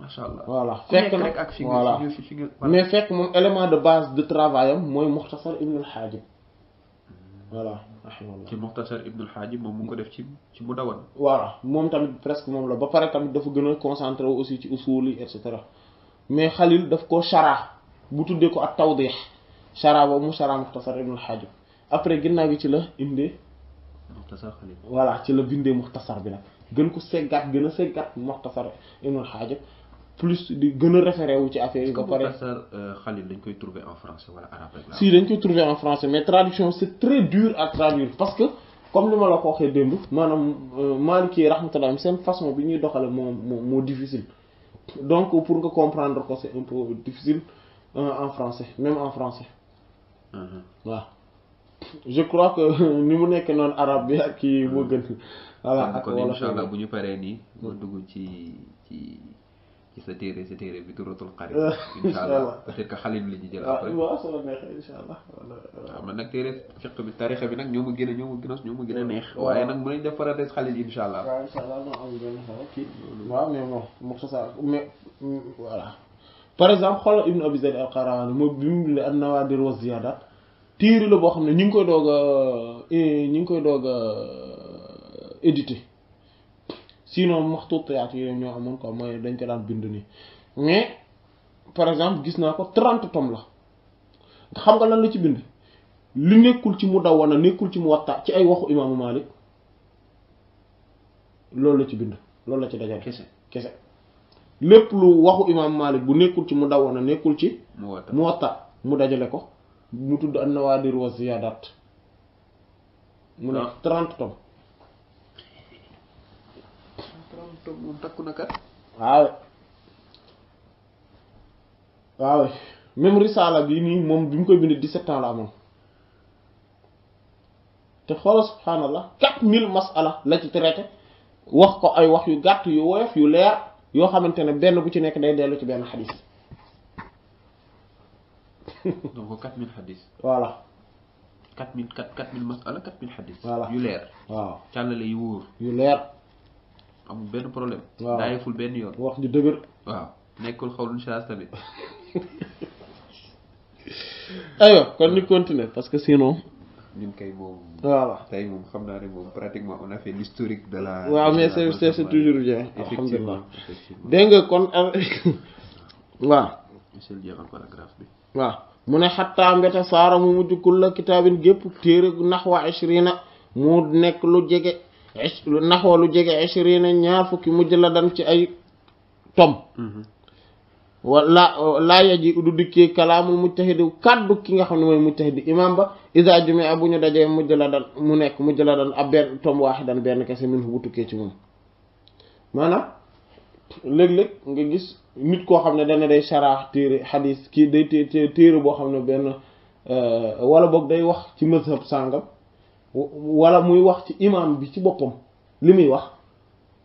machallah voilà fek nak ak figure nga fi nga. mais fek mom élément de base de travail am mooy Muxtasar Ibn al Hajib. voilà rahimallah ci Moxtasar Ibn Xaaji moom mu ngi ko def ci ci mu dawan voilà moom tamit presque moom la ba pare tamit dafa gën a concentré aussi ci usul yi et cetera mais Xalil daf koo chara bu tuddee ko ak tawdix chara boobu mu chara Moxtasar Ibn Xaaji après ginnaaw gi ci la indee. Moxtasar Xalil voilà ci la bindee Moxtasar bi nag gën ko seggaat gën a seggaat Moxtasar Ibn Xaaji plus di gën a référé wu ci affaire yi ba pare euh, Khalil dañ koy trouver en français wala arabe si dañ koy trouver en français mais traduction c'est très dur à traduire parce que comme li ma la ko waxee démb maanaam euh, Maliki rahmatullah seen façon bi ñuy doxale moo moo moo difficile donc pour nga comprendre ko c'est un peu difficile euh, en français même en français waaw uh-huh. je crois que ni mu nekk noonu arabe bi ak kii moo gën uh-huh. voilà ak wala kon incha allah bu ñu paree nii moo dugg ci ci sa téere sa téere bi duratul xarit. incha allah peut être que xale bi la ñu jël après. waaw soo neexee incha allah. waaw man nag téere fiq bi tarixa bi nag ñoo ma gën a ñoo ma gën a ñoo ma gën a neex. waaye nag mën nañu def parenthèse xale yi incha allah. waaw incha allah maa ngi gën a kii. waaw mais moom Muxtasar mais voilà. par exemple xoolal Ibn Abi Zayd al-Qarawani moom bi mu bindee an-Nawaadir wa Ziyaadaat téere la boo xam ne ñu ngi koy doog a ñu ngi koy doog a édité. sinon maxtuutiyaat yi ñoo amoon quoi mooy dañ ko daan bind nii mais par exemple gis naa ko trent tomes la xam nga lan la ci bind li nekkul ci mu dawwana nekkul ci mu watta ci ay waxu imaamu Malik loolu la ci bind loolu la ci dajale kese lépp lu waxu imaamu Malik bu nekkul ci mu dawwana nekkul ci mu watta mu dajale ko mu tudd an nawaadir wa ziyaadat mu ne ah. trente tomes toog moom takku na kat. waaw waaw même risaala bi nii moom bi mu koy bind 17 ans la amoon te xoolal subhaanallah 4000 masala la ci traité wax ko ay wax yu gàtt yu woyof yu leer yoo xamante ne benn bu ci nekk day dellu ci benn xadis. donc 4000 xadis. voilà. 4000 4000 masala 4000 xadis. voilà yu leer. yu wóor yu leer. amul benn problème daa yëful benn yoon wax ju dëgër waaw nekkul xawlun shaas tamit ayo kon ñu continuer parce que sinon ñun kay moom voilà tay moom xam naa ne moom pratiquement on a fait l'historique de la waaw mais c'est c'est c'est toujours bien alhamdulilah dégg nga kon euh, waaw monsieur jeexal paragraphe bi waaw mu ne xattaa mbete saara mu mujj kulla kitaabin gépp téere naxwa 20 mu nekk lu jege naxoo lu jege ishriina ñaar fukki mujj la dan ci ay tom mhm. wala laa yaji du dikkee kalaamu mujtahidi kàddu ki nga xam ne mooy mujtahidi imam ba isa jumia bu ñu dajee mujj la dan mu nekk mujj la dan ab benn tom waaxidan benn kese min bu tukkee ci moom maanaam léeg-léeg nga gis nit koo xam ne dana day saraax téere xadis kii day téere boo xam ne benn euh, walla boog day wax ci mazhab sàngam walla muy wax ci imaam bi ci boppam li muy wax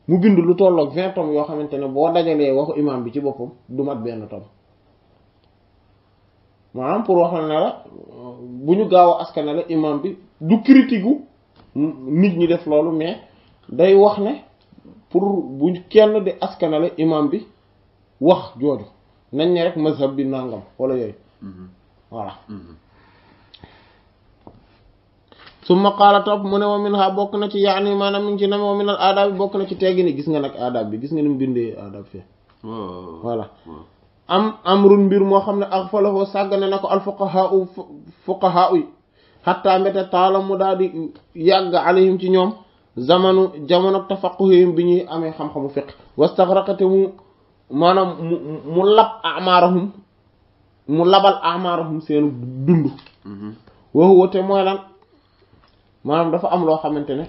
mu bind lu tollook vingt tomes yoo xamante ne boo dajalee waxu imaam bi ci boppam du mat benn tome maanaam pour waxal na la bu ñu gaaw a askanale imaam bi du critique gu nit ñi def loolu mais day wax ne pour bu kenn di askanale imaam bi wax jooju nañ ne rek mazhab bi nangam wala yooyu mhm. voilà mhm. summa qaala topp mu ne wa min ha bokk na ci yaani maanaam mi ngi ci name bi bokk na ci teggi ni gis nga nag aadab bi gis nga ni mu bindee aadab fii oh. voilà oh. am amrun mbir moo xam ne ak falafoo sàggane na ko al fuqahaa u fuqahaa xattaa mbéte taala mu daal di yàgg alayhim ci ñoom zamanu jamono tafaqquhihim bi ñuy amee xam-xamu fiq wastaxraqate mu maanaam mu mu lab amaarahum mu labal amaarahum seenu dund waxu mm-hmm. wate mooy lan manam dafa am lo xamantene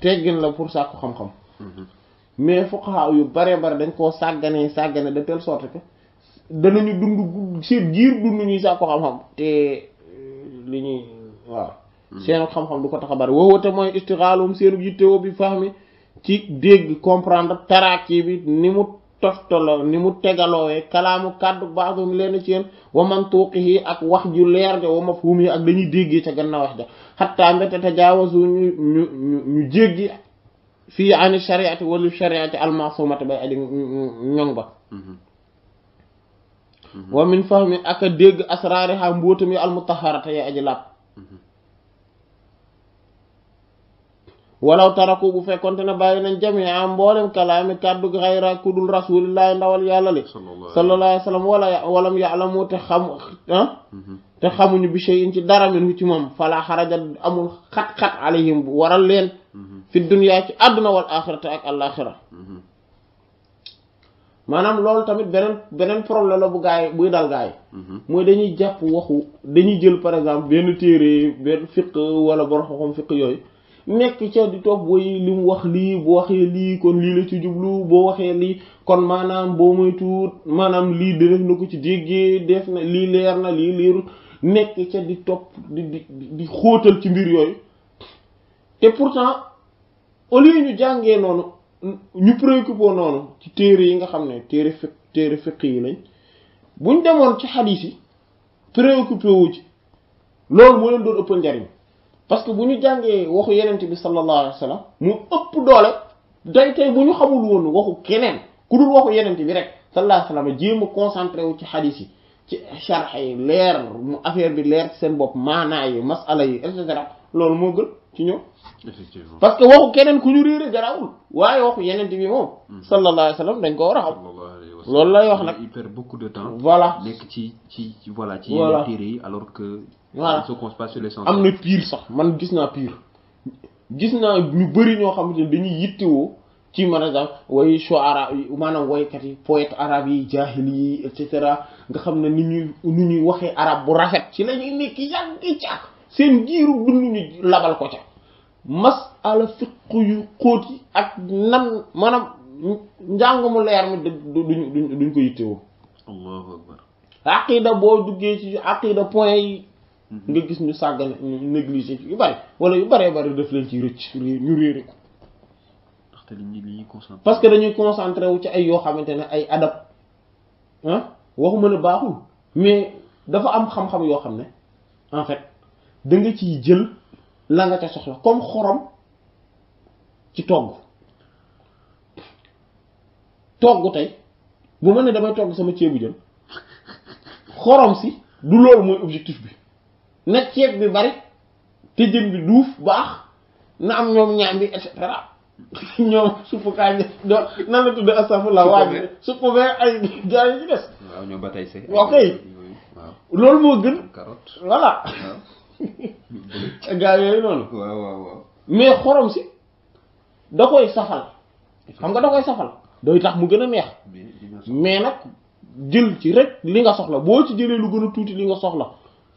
teggin la pour sàkku xam-xam mais fuqaha yu bare bare dañ ko sagane sagane de tel sorte que da nañu dund seen giir dund ñuy sàkku xam-xam te li wa seen xam-xam du ko taxabar wo wote moy istighalum seen istixaalum seenu bi fahmi ci deg comprendre taraki bi ni mu toftolo ni mu tegalowe kalamu kàddu baadum len ci yéen wa mantuuqihi ak wax ju leer ja wa mafhumi ak dañuy degge ca ganna wax da xatta mbéta tajaawasu ñu ñu ñu jéggi fii ani shariati wala shariati almasumata bay aji ñoŋ ba mhm. Mhm. wa min fahmi aka dégg asraariha mbóotam yi almutaharata ya aji làpp mhm. walaw taraku bu fekkonte ne bàyyi nañ jamia mboolem kalaami kàddu xayra kudul rasulillahi ndawal yàlla li sallallahu alayhi wa sallam wala walam ya'lamu te xam ah? te xamuñu bi shay'in ci dara min ci mom fala kharaja amul khat khat alayhim waral len fi dunya ci aduna wal akhirati ak al akhirah manam loolu tamit benen benen problème la bu gaay buy dal gaay moy dañuy jàpp waxu dañuy jël par exemple ben téré ben fiqh wala borom xam fiqh yoy nek ci di top boy lim wax li boo waxe li kon li la ci djublu bo waxe li kon manam bo moy tout manam li def nako ci djegge def na li leer na li leerut nekk ca di topp di di di xootal ci mbir yooyu te pourtant au lieu ñu jàngee noonu ñu préoccupé noonu ci téere yi nga xam ne téere fiq téere fiq yi lañ buñ demoon ci xadiis yi préoccupé wu ci loolu moo leen doon ëppal njariñ parce que bu ñu jàngee waxu yenent bi sallallahu alayhi wa sallam ëpp doole day bu ñu xamul woon waxu keneen ku dul waxu yenent bi rek sallallahu alayhi wa sallam jéem a concentré wu ci xadiis yi ci sharx yi leer mu affaire bi leer sen bop maanaa yi masala yi et cetera loolu moo gën ci ñoo parce que waxu kenen ku ñu réere garawul way waxu yeneen bi mom hmm. sallalahu alayhi wasallam dañ ko war a xam loolu lay wax nak il perd beaucoup de temps voilà nekk ci ci voilà ci yenn téere yi alors que voilà se concentre sur l'essentiel am na pire sax man gis na pire gis na ñu bëri ño xamanteni ne dañuy yittewoo ci man par exemple way shuara maanaam waykat yi poète araab yi jaahil yi et cetera nga xam ne ni ñuy ni ñuy waxee arab bu rafet ci la ñuy nekk yàgg caag seen giiru dund ñu labal ko ca masala fiq yu xóot ak nan maanaam njàng mu leer mi duñ duñ duñ ko yittewoo. allahu akbar aqida boo duggee ci aqida point yi. Mhm. nga gis ñu sàggane ñu négligé yu bari wala yu baree bari def leen ci rëcc ñu réere ko. te li ñuy parce que dañuy concentré wu ci ay yo xamante ay adab hein waxuma ne baaxul mais dafa am xam-xam yo xam en fait de nga ci jël la nga ca soxla comme xorom ci togg togg tay bu meune dama togg sama ceebu jël xorom si du lool moy objectif bi na ceeb bi bari te jëm bi douf baax na am ñom ñaam bi et cetera ñoom suppu kaay do nan la tudd astafurlah waa ji suppu vert ay jaay yi ci des. waaw ñoom ba tey see. waaw kay loolu moo gën. carotte voilà. gaa yooyu noonu. waaw mais xorom si da koy safal. xam nga da koy safal. doy tax mu gën a neex. mais nag jël ci rek li nga soxla boo ci jëlee lu gën a tuuti li nga soxla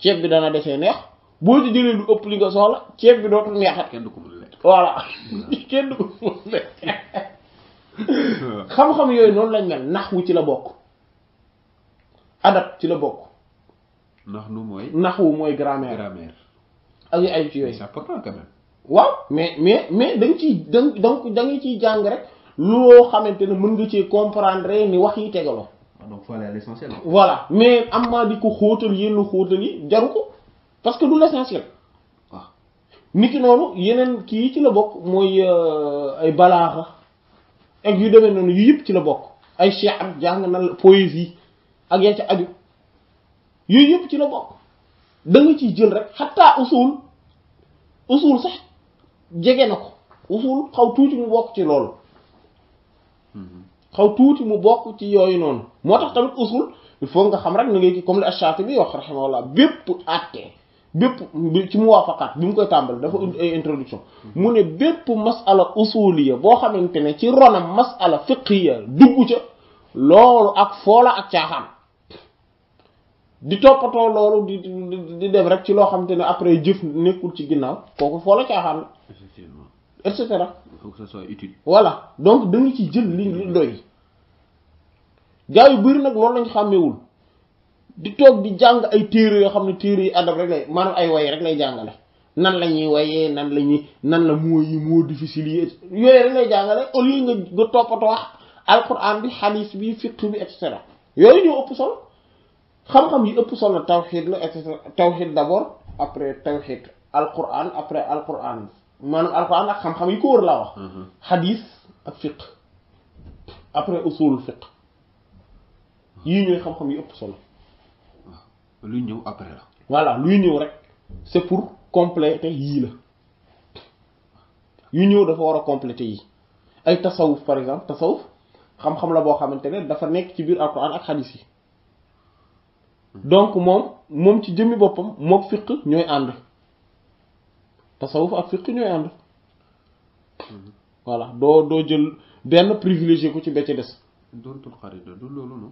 ceeb bi dana desee neex. Voilà, ci jëlee lu nga soxla bi dootul neexat. kenn du ko lekk voilà kenn du ko lekk xam-xam yoy non lañ mel nax wu ci la bok adab ci la bok nax nu moy nax wu grammaire grammaire. ak yu ay ci c'est important quand même. waaw mais mais mais da ci donc da nga rek vous ne mën comprendre ni wax yi ah, donc voilà l'essentiel. voilà mais am di ko yi jaru parce que du l'essentiel waaw ah. niki noonu yeneen kii ci la bokk mooy euh, ay balaaxa ak yu demee noonu yu yëpp ci la bokk ay shi'r jàng na poésie ak yaa ci aju yooyu yëpp ci la bokk da nga jël rek xataa usul usul sax jege na ko usul xaw tuuti mu bokk ci loolu mhm. xaw tuuti mu bokk ci yooyu noonu moo tax tamit usul il nga xam rek ni ngay comme li Ash-Shatibi wax rahimahullah bépp àtte bépp ci muwaafaqaat bi mu koy tàmbali dafa ay introduction mu ne bépp masala usuliya boo xamante ne ci ronam masala fiqiya dugg ca loolu ak foola ak caaxaan di toppatoo loolu di di dem rek ci loo xamante ne après jëf nekkul ci ginnaaw kooku foola caaxaan la et cetera voilà donc da nga ci jël li doy gaa yu bëri nag loolu lañ xàmmewul di tok di jang ay téré yo xam téré yi adab rek lay manam ay way rek lay jangale nan lañuy wayé nan lañuy nan la moy yi mo difficile yi yooyu rek lay jangale au lieu nga go topato wax alcorane bi hadith bi fiqh bi et cetera yooyu ñu upp solo xam-xam yi ëpp solo tawhid la et cetera tawhid d'abord après tawhid alcorane après alcorane manam alcorane ak xam-xam yi ko wër la wax hadith mm-hmm. ak fiqh après usul fiqh yi ñooy xam-xam yi upp solo lu ñëw après la. voilà lu ñëw rek c'est pour compléter yi la yu ñëw dafa wara compléter yi ay tasawuf par exemple tasawuf xam-xam la bo xamantene dafa nek ci biir alcorane ak hadith yi donc mom mom ci jëmi bopam mook fiqh ñoy and tasawuf ak fiqh ñoy and voilà do do jël ben privilégié ko ci becc dess doontul kharida du lolu noonu.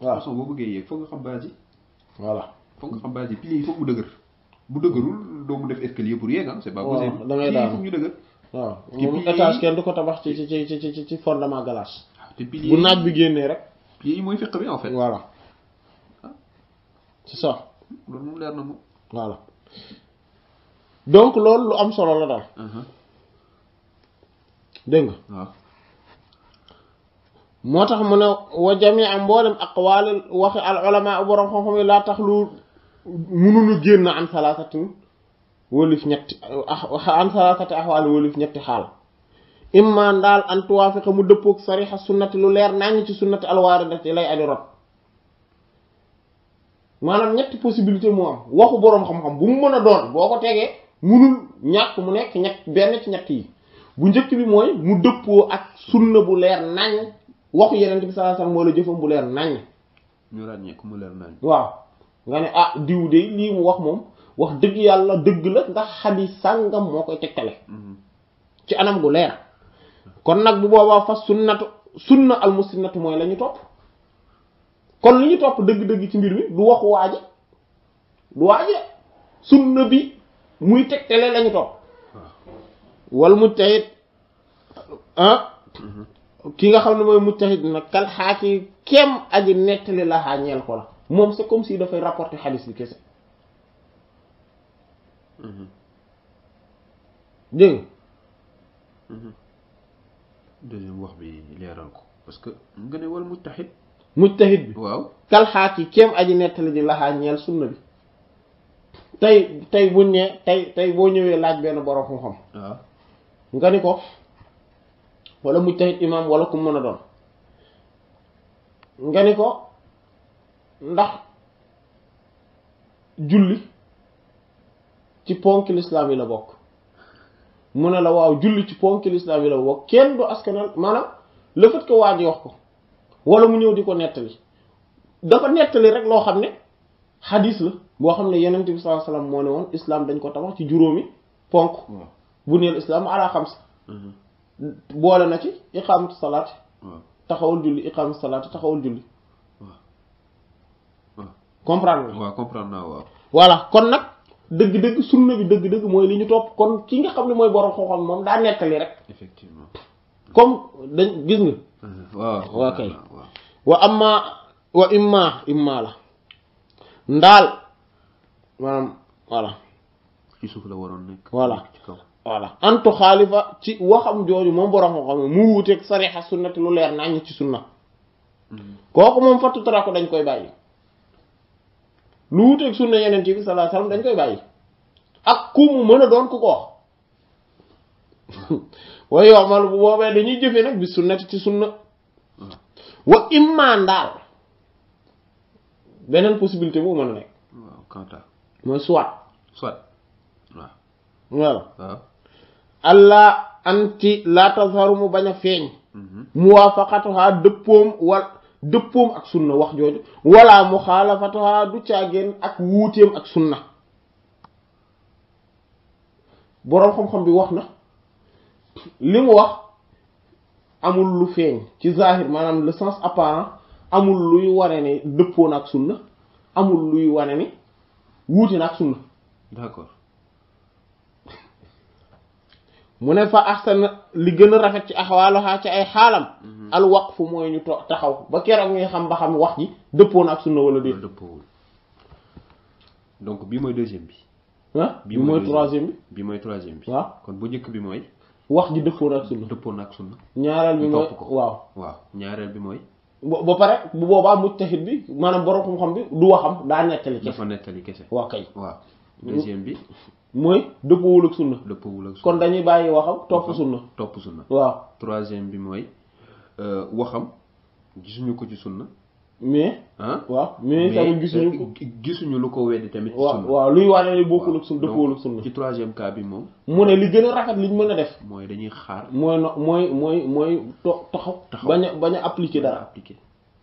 waaw façon boo bëggee yéeg foog nga xam base yi. foog nga xam base yi yi foog mu dëgër. bu dëgërul doo mu def escalier pour yéeg ah. c'est pas possible da waaw moom étage kenn du ko tabax ci ci ci ci ci fondement glace. Ah, te bu naaj bi génnee rek. piliers yi mooy fekk bi en fait. voilà ah. c'est loolu moom leer na moom. voilà lu am solo la daal. Uh-huh. moo tax mu ne wa jamia mboolem aqwaal waxi al ulama borom xam-xam yi laa tax lu mënuñu génn an salaasatin wólif ñetti ah, an salaasati ahwaal wólif ñetti xaal imma ndaal an tuwaafiqa mu dëppoog sarixa sunnati lu leer naa ci sunnati alwaaridati lay adi rot maanaam ñetti possibilité moo am waxu boroom xam-xam bu mu mën a doon boo ko tegee munul ñàkk mu nekk ñett benn ci ñett yi bu njëkk bi mooy mu dëppoo ak sunna bu leer nañ waxu yeneen bi sallallahu alayhi wasallam moo la jëfam bu leer nañ ñu rañé ku mu leer nañ waaw nga ne ah diiw de lii mu wax mom wax dëgg yalla dëgg la ndax hadith sangam mo koy tekkalé mhm. ci anam gu leer kon nak bu boba fa sunnatu sunna al musnatu moy la top kon liñu top topp dëgg-dëgg ci mbir mi du wax waaji du waaji sunna bi muy tekkalé la top wal mutahid ah mhm. ki nga xam ne mooy mujtahid nag kal xaaki kem aji la xaa moom c'est si dafay rapporter xadis bi kese dégg nga bi leeral ko que nga ne wal mujtahid mujtahid bi kem aji nettali di laxaa ñeel sunna bi tey tey buñ ne tey tey boo ñëwee laaj benn borom xam-xam nga ni ko wala mujtahid imam wala ku mën a doon nga ni ko ndax julli ci ponk lislaam yi la bokk mu ne la waaw julli ci ponk lislaam yi la bokk kenn du askanal maanaam le fait que waa wax ko wala mu ñëw di ko nettali dafa nettali rek loo xam ne xadis la boo xam ne yenent bi sallallahu alayhi moo ne woon islam dañ ko tabax ci juróomi ponk bu neel islam ala xams mm-hmm. boole na ci iqaamatu salaat taxawul julli iqaamatu salaat taxawul julli comprendre nga waaw comprendre kon nag dëgg-dëgg sunna bi dëgg-dëgg mooy li ñu topp kon ki nga xam ne mooy borom xooxam moom daa nettali rek effectivement comme dañ gis nga waaw waa kay wa amma wa imma la ndaal maanaam voilà ci suuf la waroon nekk voilà voilà antu xaalifa ci jooju moom borom ko xam mu wuuteeg ci sunna kooku moom dañ koy bàyyi lu wuuteeg sunna dañ koy bàyyi ak ku mu mën a nag bi sunnati ci sunna possibilité bu allah anti laa tazharu mu bañ a feeñ muwaafaqatuha dëppoom wal dëppoom ak sunna wax jooju wala muxaalafatuha du caageen ak wuuteem ak sunna boroom xam-xam bi wax na li mu wax amul lu feeñ ci zahir maanaam le sens apparent amul luy wane ne dëppoo na ak sunna amul luy wane ne wuute na ak sunna d'accord mune fa ahsan li gëna rafet ci axwaaloxaa ci ay xalam mhm. al waqfu moy ñu taxaw ba keroog ngay xam ba xam wax ji dëppoon ak sunna wala di dëppoowul donc bi moy deuxième bi ha bi moy troisième bi bi moy troisième bi wa kon bu njëkk bi moy wax ji dëppoon ak sunna dëppoon ak sunna ñaaral bi moy waaw waaw ñaaral bi moy bo pare bu boba muttahid bi manam borom xam-xam bi du waxam da netali kese dafa netali kesse wa kay wa deuxième bi mooy dëppoowul ak sunna dëppoowul ak sunna kon dañuy bàyyi waxam topp sunna topp sunna waaw troisième bi mooy euh, waxam gisuñu ko ci sunna mais ah waaw mais tamit gisuñu euh, ko gisuñu lu ko weddi tamit sunna waaw luy wane ne bokkul ak sunna ci troisième cas bi moom mu ne li gën a rafet liñ mën a def mooy dañuy xaar mooy no mooy mooy mooy taxaw bañ a bañ a appliquer dara appliquer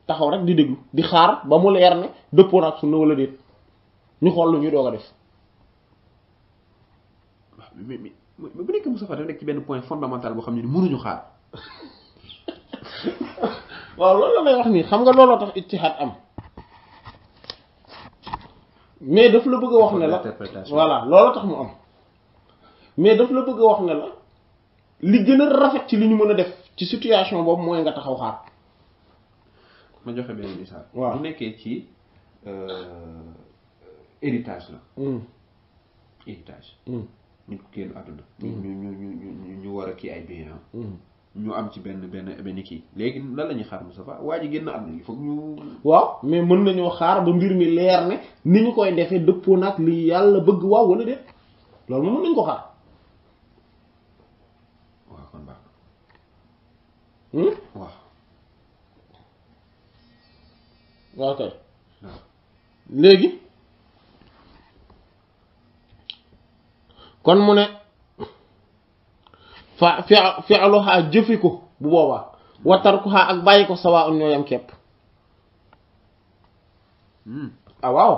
taxaw rek di déglu di xaar ba mu leer ne dëppoon ak sunna wala déet ñu xool lu ñuy doog a def mais mais bu nekk Moustapha dafa nekk ci benn point fondamental boo xam ne ni mënuñu xaar waaw loolu la wax nii xam nga looloo tax am mais daf la bëgg wax ne la voilà looloo tax mu am mais daf la bëgg wax ne la li gën a rafet ci li ñu mën a def ci situation boobu mooy nga taxaw xaar. ma joxe benn misaal. waaw bu nekkee ci euh, héritage la. Hmm. héritage. Hmm. nit ku génn àdduna. Mm. ñu ñu ñu ñu war a kii ay biens ah. mm. ñu am ci benn benn benn kii léegi lan la ñuy xaar Moustapha waa ji génn àdduna il faut ñu. waaw mais mën nañoo xaar ba mbir mi leer ne ni ñu koy defee dëppoo nag li yàlla bëgg waaw wala déet loolu moom mën nañu ko xaar. Hmm? léegi. kon mu ne fa fi'luha jufiku bu boba wa tarkuha ak bayiko ko sawa on ñoyam kep hmm ah waaw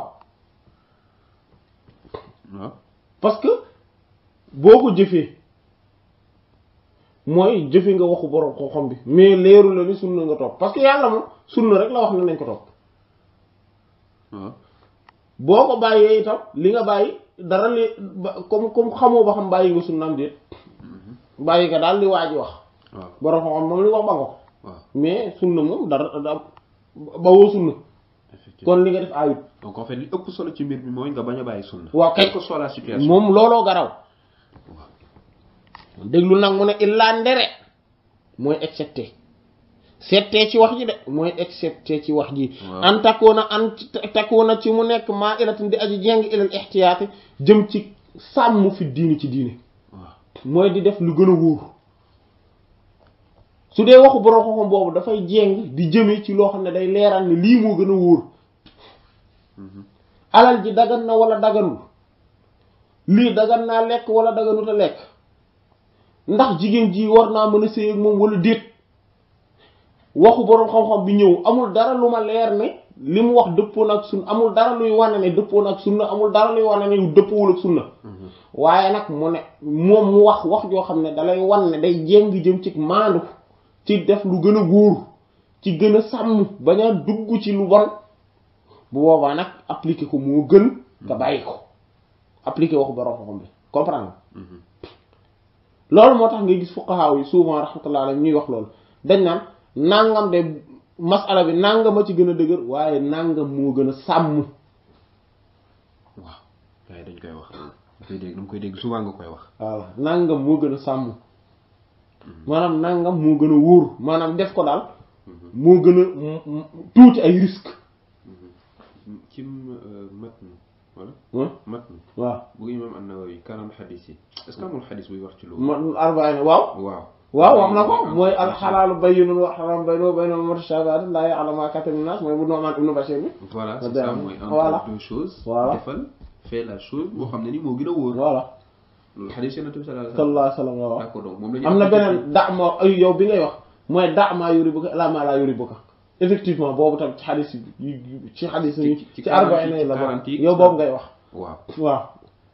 parce que boo ko moy mooy nga waxu borom ko xom bi mais leeru la ni sunna nga top parce que yalla mo sunna rek la wax ne nañ ko top boo ko itam li nga baye dara ba comme comme xamoo ba xam bàyyi nga sunnaam déet mhm. bàyyi nga daal di waa ji wax borom xam moom li wax ba nga ko mais sunna moom dara da ba woo sunna kon li nga def ayut donc en fait ëpp solo ci mbir mi mooy nga bañ bàyyi sunna waaw kay moom looloo garaw déglu nag mu ne illaa ndere mooy excepté settee ci wax ji de mooy excepté ci wax ji an takkoona an ci mu nekk maa ilatin di aji jeng ilal ixtiyaati jëm ci sàmm fi diini ci diine mooy di def lu gën a wóor su dee waxu borom xam boobu dafay jeng di jëme ci loo xam ne day leeral ne lii moo gën a wóor mm-hmm. alal ji dagan na wala daganul lii dagan naa lekk wala daganut a lekk ndax jigéen ji war naa mën a sëy ak moom wala déet waxu boroom xam-xam bi ñëw amul dara lu ma leer ne li mu wax dëppoon ak sunna amul dara luy wane ne dëppoon ak sunna amul dara luy wane ne dëppoowul ak sunna mhm. waaye nag mu ne moom mu wax wax joo xam ne dalay wan ne day ngi jëm ci maandu ci def lu gën a góor ci gën a sàmm bañ a dugg ci lu bon bu boobaa nag appliquer ko moo gën nga mhm. bàyyi ko appliquer waxu boroom xam-xam bi comprendre mhm. loolu moo tax ngay gis fuqaha yi souvent rahmatullah alayhi ñuy wax loolu dañ naan nangam de masala bi nangama ci gën a dëgër waaye nangam moo gën a sàmm waaw waaye dañ koy wax dañ koy dégg dañ koy dégg souvent nga koy wax waaw nàngam moo gën a sàmm hmm. maanaam nangam moo gën a wóor maanaam def ko daal hmm. moo gën a tuuti ay risque hmm. ci euh, mat mi waaw bu imam an-Nawawi 40 xadis yi est-ce que amul xadis buy wax ci loolu arbaay waaw waaw waaw am na ko mooy al xalaalu bayyinun wa xaraam bayyinun wa baynahuma mutashabihaat laa ya'lamu maa kathirun min an-naas mooy bu Nu'maan ibn Bashir bi. voilà c'est ça mooy entre deux choses. voilà defal fais la chose boo xam ne ni moo gën a wóor. voilà loolu xadiis Yonent bi sallallahu alayhi wa sallam waaw d'accord donc moom la ñu. am na beneen da' moo ay yow bi ngay wax mooy da' maa yuribuka ilaa maa laa yuribuka effectivement boobu tam ci xadiis yi ci xadiis yi ci arba'iin la yow boobu ngay wax. waaw waaw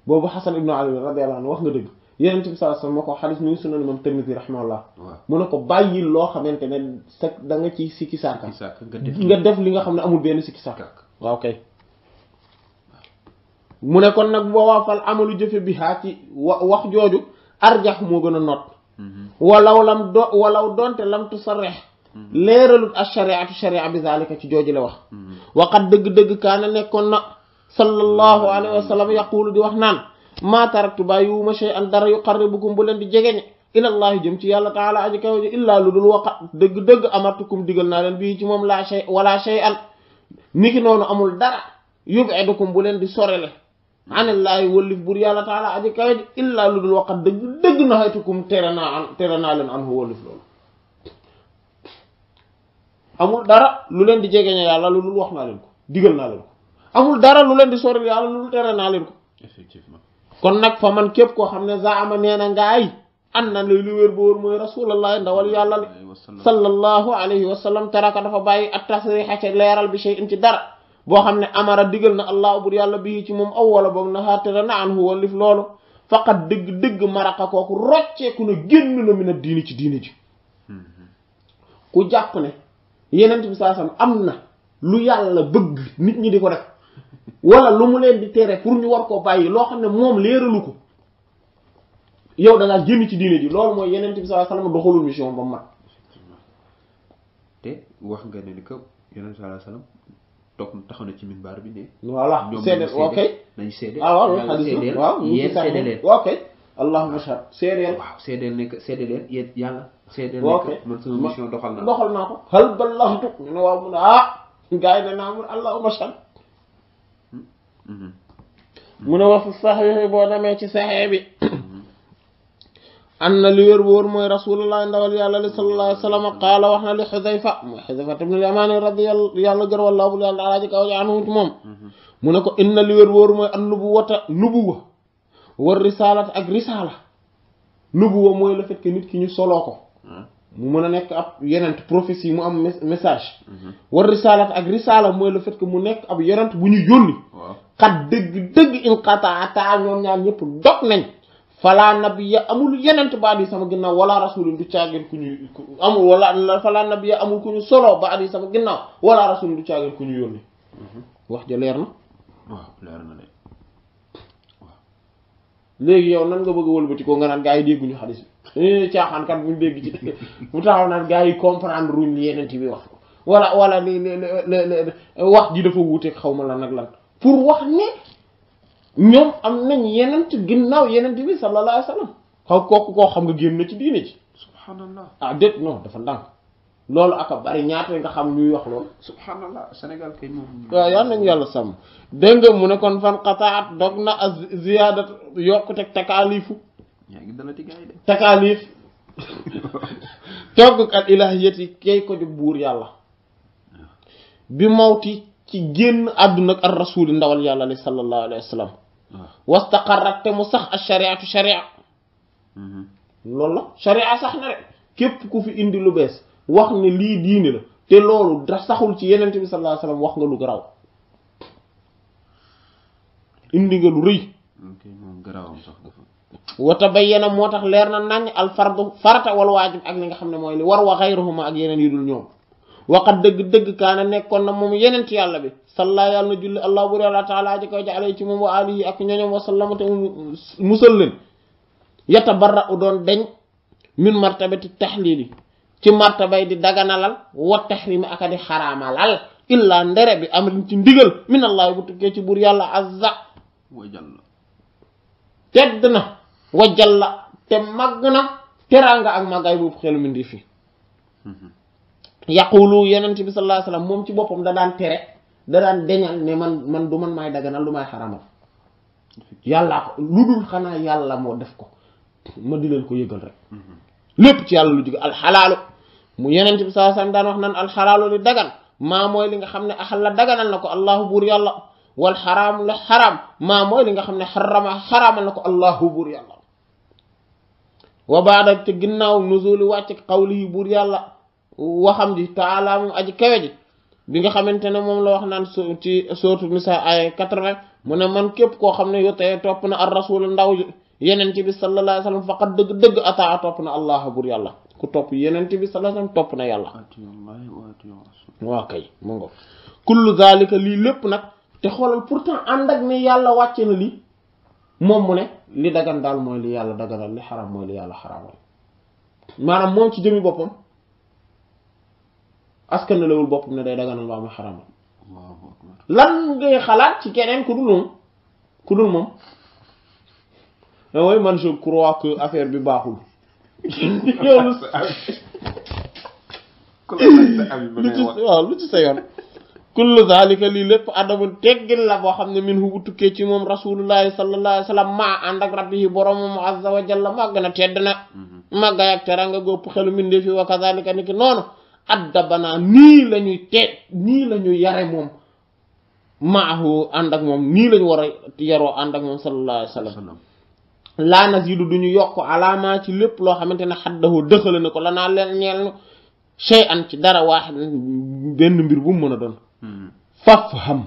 boobu Xasan ibn Ali radiyallahu anhu wax nga dëgg yeneen bi sallallahu alayhi wasallam moo ko xadis mi ngi sunan moom Tirmidhi rahimahullah mu ne ko bàyyi loo xamante ne sa da nga ci nga def li nga xam ne amul benn sikki sàkka waaw kay mu ne kon nag boo waafal amalu jëfe bi haa ci wa wax jooju arjax moo gën a not mm-hmm. walla lam do walaw donte lam tu sa reex mm-hmm. leeralut ak shariatu sharia bi zalika ci jooju la wax mm-hmm. waxat dëgg-dëgg kaana nekkoon na sallallahu alayhi wa sallam yaqulu di wax naan maa taraktu bàyyiwuma shay'an dara yuqarribukum bu leen di jegeñe ilallaahi jëm ci yàlla taala aji kaw ji lu dul waxa dëgg-dëgg amartukum digal naa bii ci moom laa shay wala shay'an noonu amul dara yub'idukum bu leen di sorele anillaahi wëllif bur yàlla taala aji kaw ji illaa lu dul waxa dëgg-dëgg nahaytukum tere naa an tere naa leen anhu wëllif loolu amul dara lu leen di jegeñe yàlla lu dul wax naa leen ko amul dara lu leen di sorel yàlla lu dul tere naa leen ko kon nak fa man kep ko xamne ne zaama neena na ngaay an na lu wér bo wor moy rasulullah ndawal yàlla sallallahu alayhi wa sallam taraka dafa baye at tasrixa ca leeral bi shay inti dar bo xamne amara digal na allah bur yàlla bi ci mom awwala bok na xaatira na anhu walif lif loolu faqat deug degg maraka rocce ku no génn no mina diini ci dini ci ku jàpp ne yenent sallallahu alayhi wa sallam amna lu yàlla beug nit ñi diko def wala lu mu leen di tere pour ñu war koo bàyyi loo xam ne moom leeralu ko yow da ngaa ci diine ji loolu mooy yeneen bi sallallahu alayhi wasallam doxalul mission ba mat te wax nga ne ni que yeneen sallallahu alayhi wasallam toog taxaw ci minbar bi ne. voilà seede ok nañ seede ah waaw xadis waaw yéen seede leen ok allahumma shahid seedeel leen yàlla seedeel nekk man sama ne waaw ah, naa mun muna wa fi saxiix bo dame ci saxiix bi anna li wér wor moy rasulullah ndawal yàlla li sallallahu alayhi wasallam qala wa hna li hudhayfa hudhayfa ibn al yamani radiyallahu yàlla gër wala bu yàlla alaji kaw ji anhu moom mu ne li wér wor moy an nubuwata nubuwa war risalat ak risaala nubuwa moy le fait que nit ki ñu solo ko mu meuna nek ab yenen prophétie mu am message war risalat ak risala moy le fait que mu nek ab yenen bu ñu yoni xat dëgg dëgg inqataata ñoom ñaar ñëpp dog nañ falaa nabiya amul yenent ba di sama ginnaaw wala rasulun du caageen ku ñu amul wala solo ba di ginnaaw wala rasulun du ku ñu yónni mhm. wax ja leer na waaw na de yow nan nga bëgg a wëlbati nga naan gaa yi dégguñu xadis bi eh, caaxaan kat buñu dégg ci bu taxaw naan gaa yi comprendre ruñ li yenent bi wax wala wala li wax ji dafa wuuteeg xaw ma la nag la pour wax ni ñom am nañ yenent ginnaw yenent bi sallallahu alayhi wasallam xaw ko ko xam nga genn ci diine ci subhanallah ah det non dafa dank lolu aka bari ñaat nga xam ñuy wax lool subhanallah senegal kay moom wa yal nañ yalla sam dégg nga mu ne kon fan xataat dog na a ziyaadat yokkuteg takaalifu takaaliif togguk al ilahiyati kay ko di buur ah. bi mawti ci génn àdduna ak ar ndawal yàlla li sallallahu alayhi wa sallam te mu sax ak shariatu sharia loolu la sharia sax na rek képp ku fi indi lu bees wax ne lii diini la te loolu da saxul ci yenente bi sallallahu alayhi wa sallam wax nga lu garaaw indi nga lu rëy wata bayyana moo tax leer na nañ al fardu farata wal ak li nga xam ne mooy li war wa xayruhuma ak yeneen yi dul ñoom waqat dëgg-dëgg kaana nekkoon na moom yeneen ci yàlla bi salla yàlla na julli allah buri àllah taala aji koy ci moom wa alihi ak ñoñom wasallama te musal leen yatabarra u doon deñ min martabati taxliili ci martabay di daganalal wa taxrimi ak di xaraamalal illaa ndere bi am riñ ci ndigal min allah bu tukkee ci buur yàlla azza wa jalla tedd na wa jalla te màgg na teraanga ak màggaay boobu xelu mindi fi mm-hmm. yaqulu yeneen bi sallallahu alayhi wa sallam moom ci boppam da daan tere da daan deñal ne man man du man maay daganal lu may xaramal yàllaa ko lu dul xanaa yàlla moo def ko ma di leen ko yëgal rek lépp ci yàlla lu jóge alxalaalu mu yeneen bi sallallahu alayhi wa daan wax naan alxalaalu li dagan maa mooy li nga xam ne axal la daganal na ko allahu buur yàlla wal xaraam la xaraam maa mooy li nga xam ne xarama na ko allahu buur yàlla wa baada te ginnaaw nuzuli wàcc qawli buur yàlla waxam di taalam aji kawe ji bi nga xamantene mom la wax nan su ci sootu nisa ay 80 vingt mu ne man kep ko xamne ne tay top na ar rasul ndaw yenen ci bi sallallahu alayhi wasallam faqat deug deug ata top na allah bur yalla ku top yenen ci bi sallallahu alayhi wasallam top na yalla wa kay mo ngof kullu zalika li lepp nak te xolal pourtant andak ne yàlla na li mom mu ne li dagan dal moy li yalla daganal li haram moy li yalla haram manam mom ci demi bopam askan na lawul boppam ne day daganal mbaa mu xaramal lan ngay xalaat ci keneen ku dul moom eh man je crois baaxul yoolu lu ci waaw lu ci sa yoon kullu zalika lii lépp adamu teggin la boo xam ne min hubu tukkee ci moom rasulullahi sallallahu alayhi wa sallam maa ànd ak rabbihi boromam azza wa jalla màgg na tedd na mhm. màggaay ak teranga gópp xelu mbindee fi wa kazalika niki noonu banaa nii la ñuy teet nii la yare moom maahu ànd ak moom nii lañu war a yaroo ànd ak moom sallallahu alayhi wa sallam laa du ñu yokk alaama ci lépp loo xamante ne xaddahu dëxale na ko lanaa leen ñeel shay an ci dara waaxid benn mbir bu mu mën a doon hmm. faf xam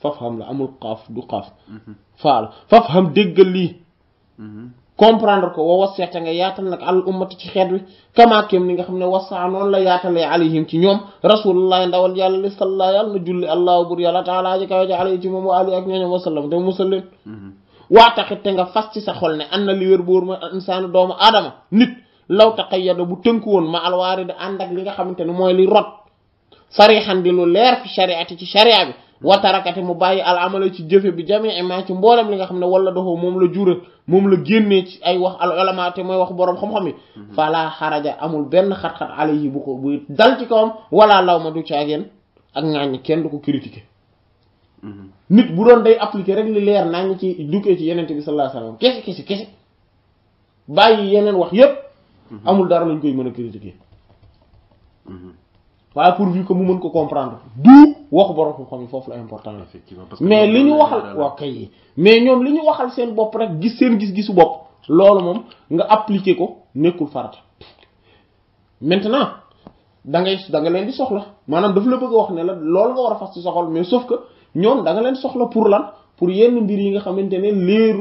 faf xam la amul xaaf du xaaf hmm. faal faf xam déggal lii hmm. comprendre ko wo wasseeta nga yaatal nak al ummati ci xeet wi kama kem ni nga xamne wasa non la yaatalee alayhim ci ñom rasulullah ndawal yàlla li salla yàlla na julli allah bur yàlla taala aji kaw ji alayhi mom wa ali ak ñoo ñooñom sallam te musallim wa taxit te nga fas ci sa xol ne an li wér bur ma insaanu doomu aadama nit law taqayyada bu teunku won ma al warid andak li nga xamantene moy li rot sarihan di lu leer fi shariati ci sharia bi wa tarakati mu bàyyi al amala ci jëfe bi jamee ma ci mboolem li nga xam ne wala doxoo moom la jural moom la génnee ci ay wax al ulama te wax boroom xam-xam yi mhm. fala xaraja amul benn xat-xat alayhi bu ko bu dal ci kawam wala law ma du caageen ak ŋaaññi kenn du ko critiquer mhm. nit bu doon day appliquer rek li leer naa ngi ci dukkee ci yenente bi sallallahu alayhi wasallam kese kese kese bàyyi yeneen wax yépp mhm. amul dara lañ koy mën a critiquer waaye pourvu que mu mën ko comprendre du wax borom xam-xam fofu la important mais liñu waxal wa kay mais ñom liñu waxal seen bop rek gis seen gis-gisu bop loolu mom nga appliquer ko nekul farata maintenant da ngay da nga leen di soxla manam daf la bëgg wax ne la loolu nga wara fa ci soxol mais sauf que ñom da nga leen soxla pour lan pour yenn mbir yi nga xamantene leer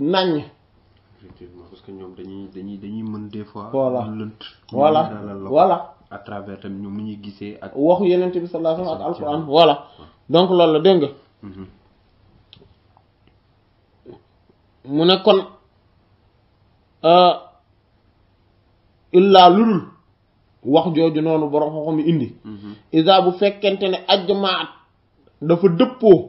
nañ effectivement parce que ñom dañuy dañuy dañuy mën des fois. voilà voilà voilà. à travers tamit ñu mu gisee ak. waxu yeneen bi sallallahu alayhi wa sallam ak alquran voilà donc loolu la dégg nga. Mm-hmm. mu ne kon euh, illaa ludul wax jooju noonu borom xam-xam yi indi. Mm-hmm. bu fekkente ne ajmaat dafa dëppoo.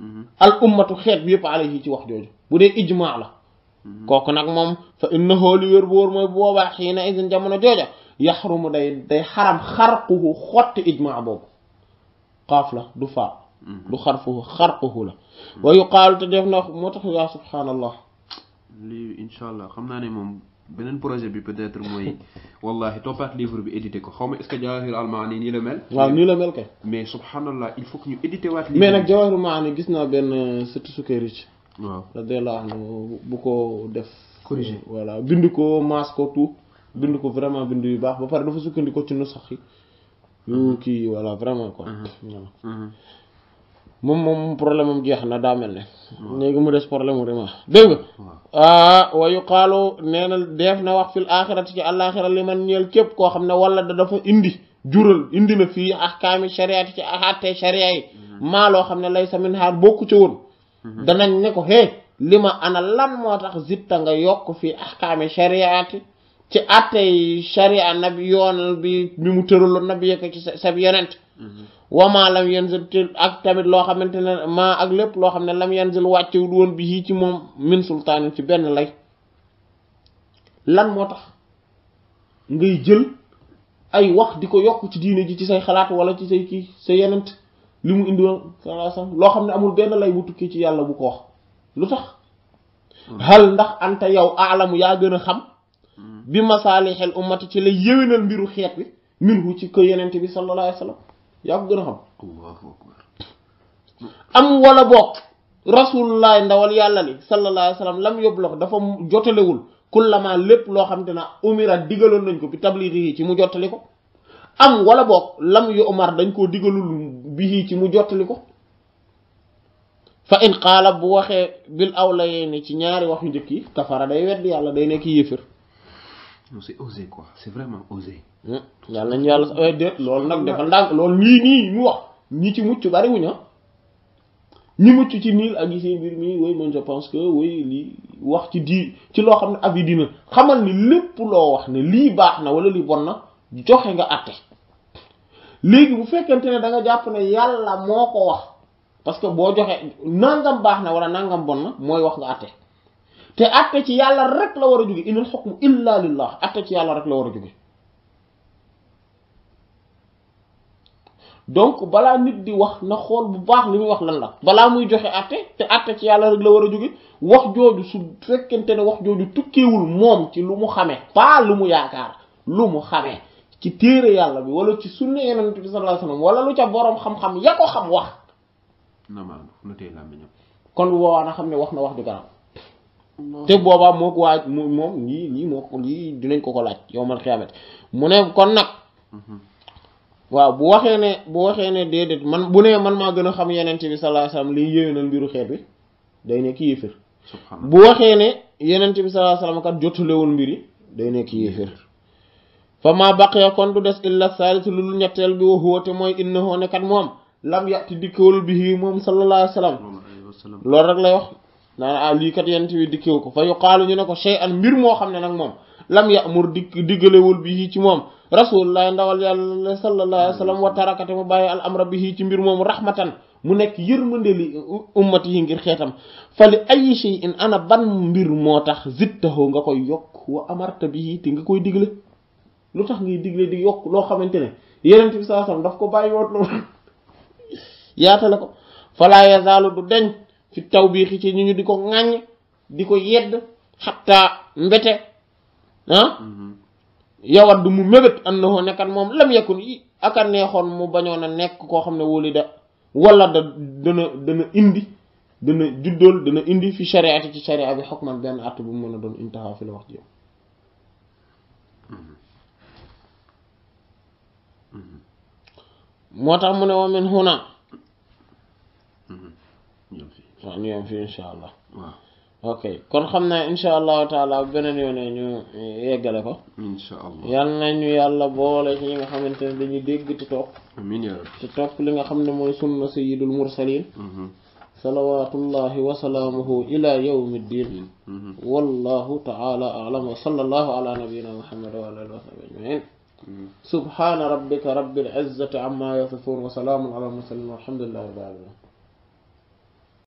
Mm-hmm. al ummatu xeet bi yëpp alayhi ci wax jooju bu dee ijmaa la. kooku nag moom fa innahu li wér bu wóor mooy boobaa xiina isin jamono jooja. يحرم داي داي حرام خرقه خط اجماع بوب قاف لا دو فا دو خرفه خرقه لا ويقال تديف نخ يا سبحان الله لي ان شاء الله خمنا ني موم بنين بروجي بي بيتيتر موي والله توبات ليفر بي اديتي كو خوما اسكو جواهر الماني ني لا ميل وا ني لا ميل كاي مي سبحان الله il faut que ñu éditer wat li mais nak jawahir maani gisna ben euh, sept sukerich waaw da de la bu ko def corriger voilà bindiko masque ko tout bind ko vraiment bind yu baax ba pare dafa sukkandikoo ci nu sax yi yu mhm. kii voilà vraiment quoi. Mhm. Mhm. moom moom problème am jeex na daa mel ne. léegi mu des problème mu rima dégg nga. ah wa na def na wax fil aaxirati ci àllaaxira li man képp koo xam ne wala da indi jural indi na fii ahkaami shariati ci àtte sharia yi. maa loo xam ne lay sa xaar bokku ci woon. danañ ne ko hee li ana lan moo tax zitta nga yokk fii ahkaami shariati ci attey sharia nabi yoon bi bi mu tëraloon nabi yekk ci sab yonent mhm. wama lam yanzil ak tamit loo xamante ne maa ak lépp loo xam ne lam yanzil wàccewul woon bi yii ci moom min sultaanin ci benn lay lan moo tax ngay jël ay wax di ko yokk ci diine ji ci say xalaat wala ci say kii say yonent li mu indi loo xam ne amul benn lay bu tukkee ci yàlla bu ko wax lu tax mhm. hal ndax anta yow aalamu yaa gën a xam bi masaalixel ummati ci lay yéwénal mbiru xeet bi minhu ci ko yenente bi sallallahu alayhi wa sallam yaa ko gën a xam am wala bokk rasulullaay ndawal yàlla li sallallahu alayhi wa sallam lam yóbbu lox dafa jotalewul kullama lépp loo xam te na umira digaloon nañ ko bi tabliri yi ci mu jottali ko am wala bokk lam yu umar dañ koo digalul bi ci mu jottali ko fa in qaala bu waxee bil aw yee ni ci ñaari wax yu njëkk yi kafara day weddi yàlla day nekk yéefér non c'est osé quoi c'est vraiment osé. Hein? yàlla nañu yàlla eh, de loolu nag dafa ndànk loolu ni ni mu wax ni ci muccu bari ah ni muccu ci nil ak yi seen mbir mi oui mon je pense que oui li wax ci di ci lo xamne ne xamal ni lepp lo wax ne li baax na wala li bonna joxe nga àtte légui bu fekkente ne da nga japp ne yalla moko wax parce que bo joxe nangam baax na wala nangam bonna moy wax nga àtte. te atté ci yalla rek la wara a inul hukmu illa lillah atté ci yalla rek la wara a donc bala nit di wax na xol bu baax limi wax lan la bala muy joxe atté te atté ci yalla rek la wara a wax jooju su fekente ne wax jooju tukkeewul mom ci lumu xamé pa lumu yaakar lumu xamé ci téré yalla bi wala ci sunna yonent sallallahu alayhi wasallam wala lu ca borom xam-xam ya ko xam wax kon wo na xam wax na wax du garam te boobaa moo ko waaj moom lii lii moo ko lii dinañ ko ko laaj yow mal xiyaamet mu ne kon nag mhm. waaw bu waxee ne bu waxee ne déedéet man bu nee man maa gën a xam yenente bi sallallahu alayhi wasallam lii yéwénal mbiru xeet bi day nekk yéefér bu waxee ne yenente bi sallallahu alayhi wasallam jotulewul mbir day nekk yéefér fa maa baqiya kon du des illa saalis lu dul ñetteel bi waxuwate mooy innahu ne kat moom lam yàtti dikkawul bi moom sallallahu loolu rek lay wax naan ah lii kat yonent bi dikkewu ko fa yuqaalu ñu ne ko shay'an mbir moo xam ne nag moom lam ya'mur dikk diggalewul bi ci moom rasulullah ndawal yàlla sallallahu alayhi wa sallam wa tarakate mu bàyyi al amra bihi ci mbir moomu rahmatan mu nekk yërmande li ummati yi ngir xeetam fa li ayi shay'in ana ban mbir moo tax zittahu nga koy yokk wa amarta bihi te nga koy digle lu tax ngay digle di yokk loo xamante ne yonent bi sallallahu daf ko bàyyi woot loolu yaatale ko fi tawbiixi ci ñu ñu di ko ŋàññ di ko yedd xattaa mbete ah mm-hmm. yawat du mu mébét annahu nekkat moom lam yakun ni aka neexoon mu bañoon a nekk koo xam ne wóoli de wala da dana dana indi dana juddool dana indi fi shariati ci sharia bi xokman benn att bu mën a doon intaha fi la wax ji mm-hmm. mm-hmm. moo tax mu ne wa min huna ñu yem fi incha allah ok kon xam naa incha allahu taala beneen yoon ñu yeggale ko. incha allah yal nañu yàlla boole ci ñi nga xamante ne dañuy dégg te topp. amiin yaa rabbi te topp li nga xam ne mooy sunna sayyidul mursalin. salawaatullahi wa salaamuhu ila yawmi ddin wallahu taala alam wa sallallahu ala nabiyina muhammad wa alihi wa sahbihi ajmain subhana rabbika rabbil izzati amma yasifun wa salaamun ala mursalin walhamdulillahi rabbil alamin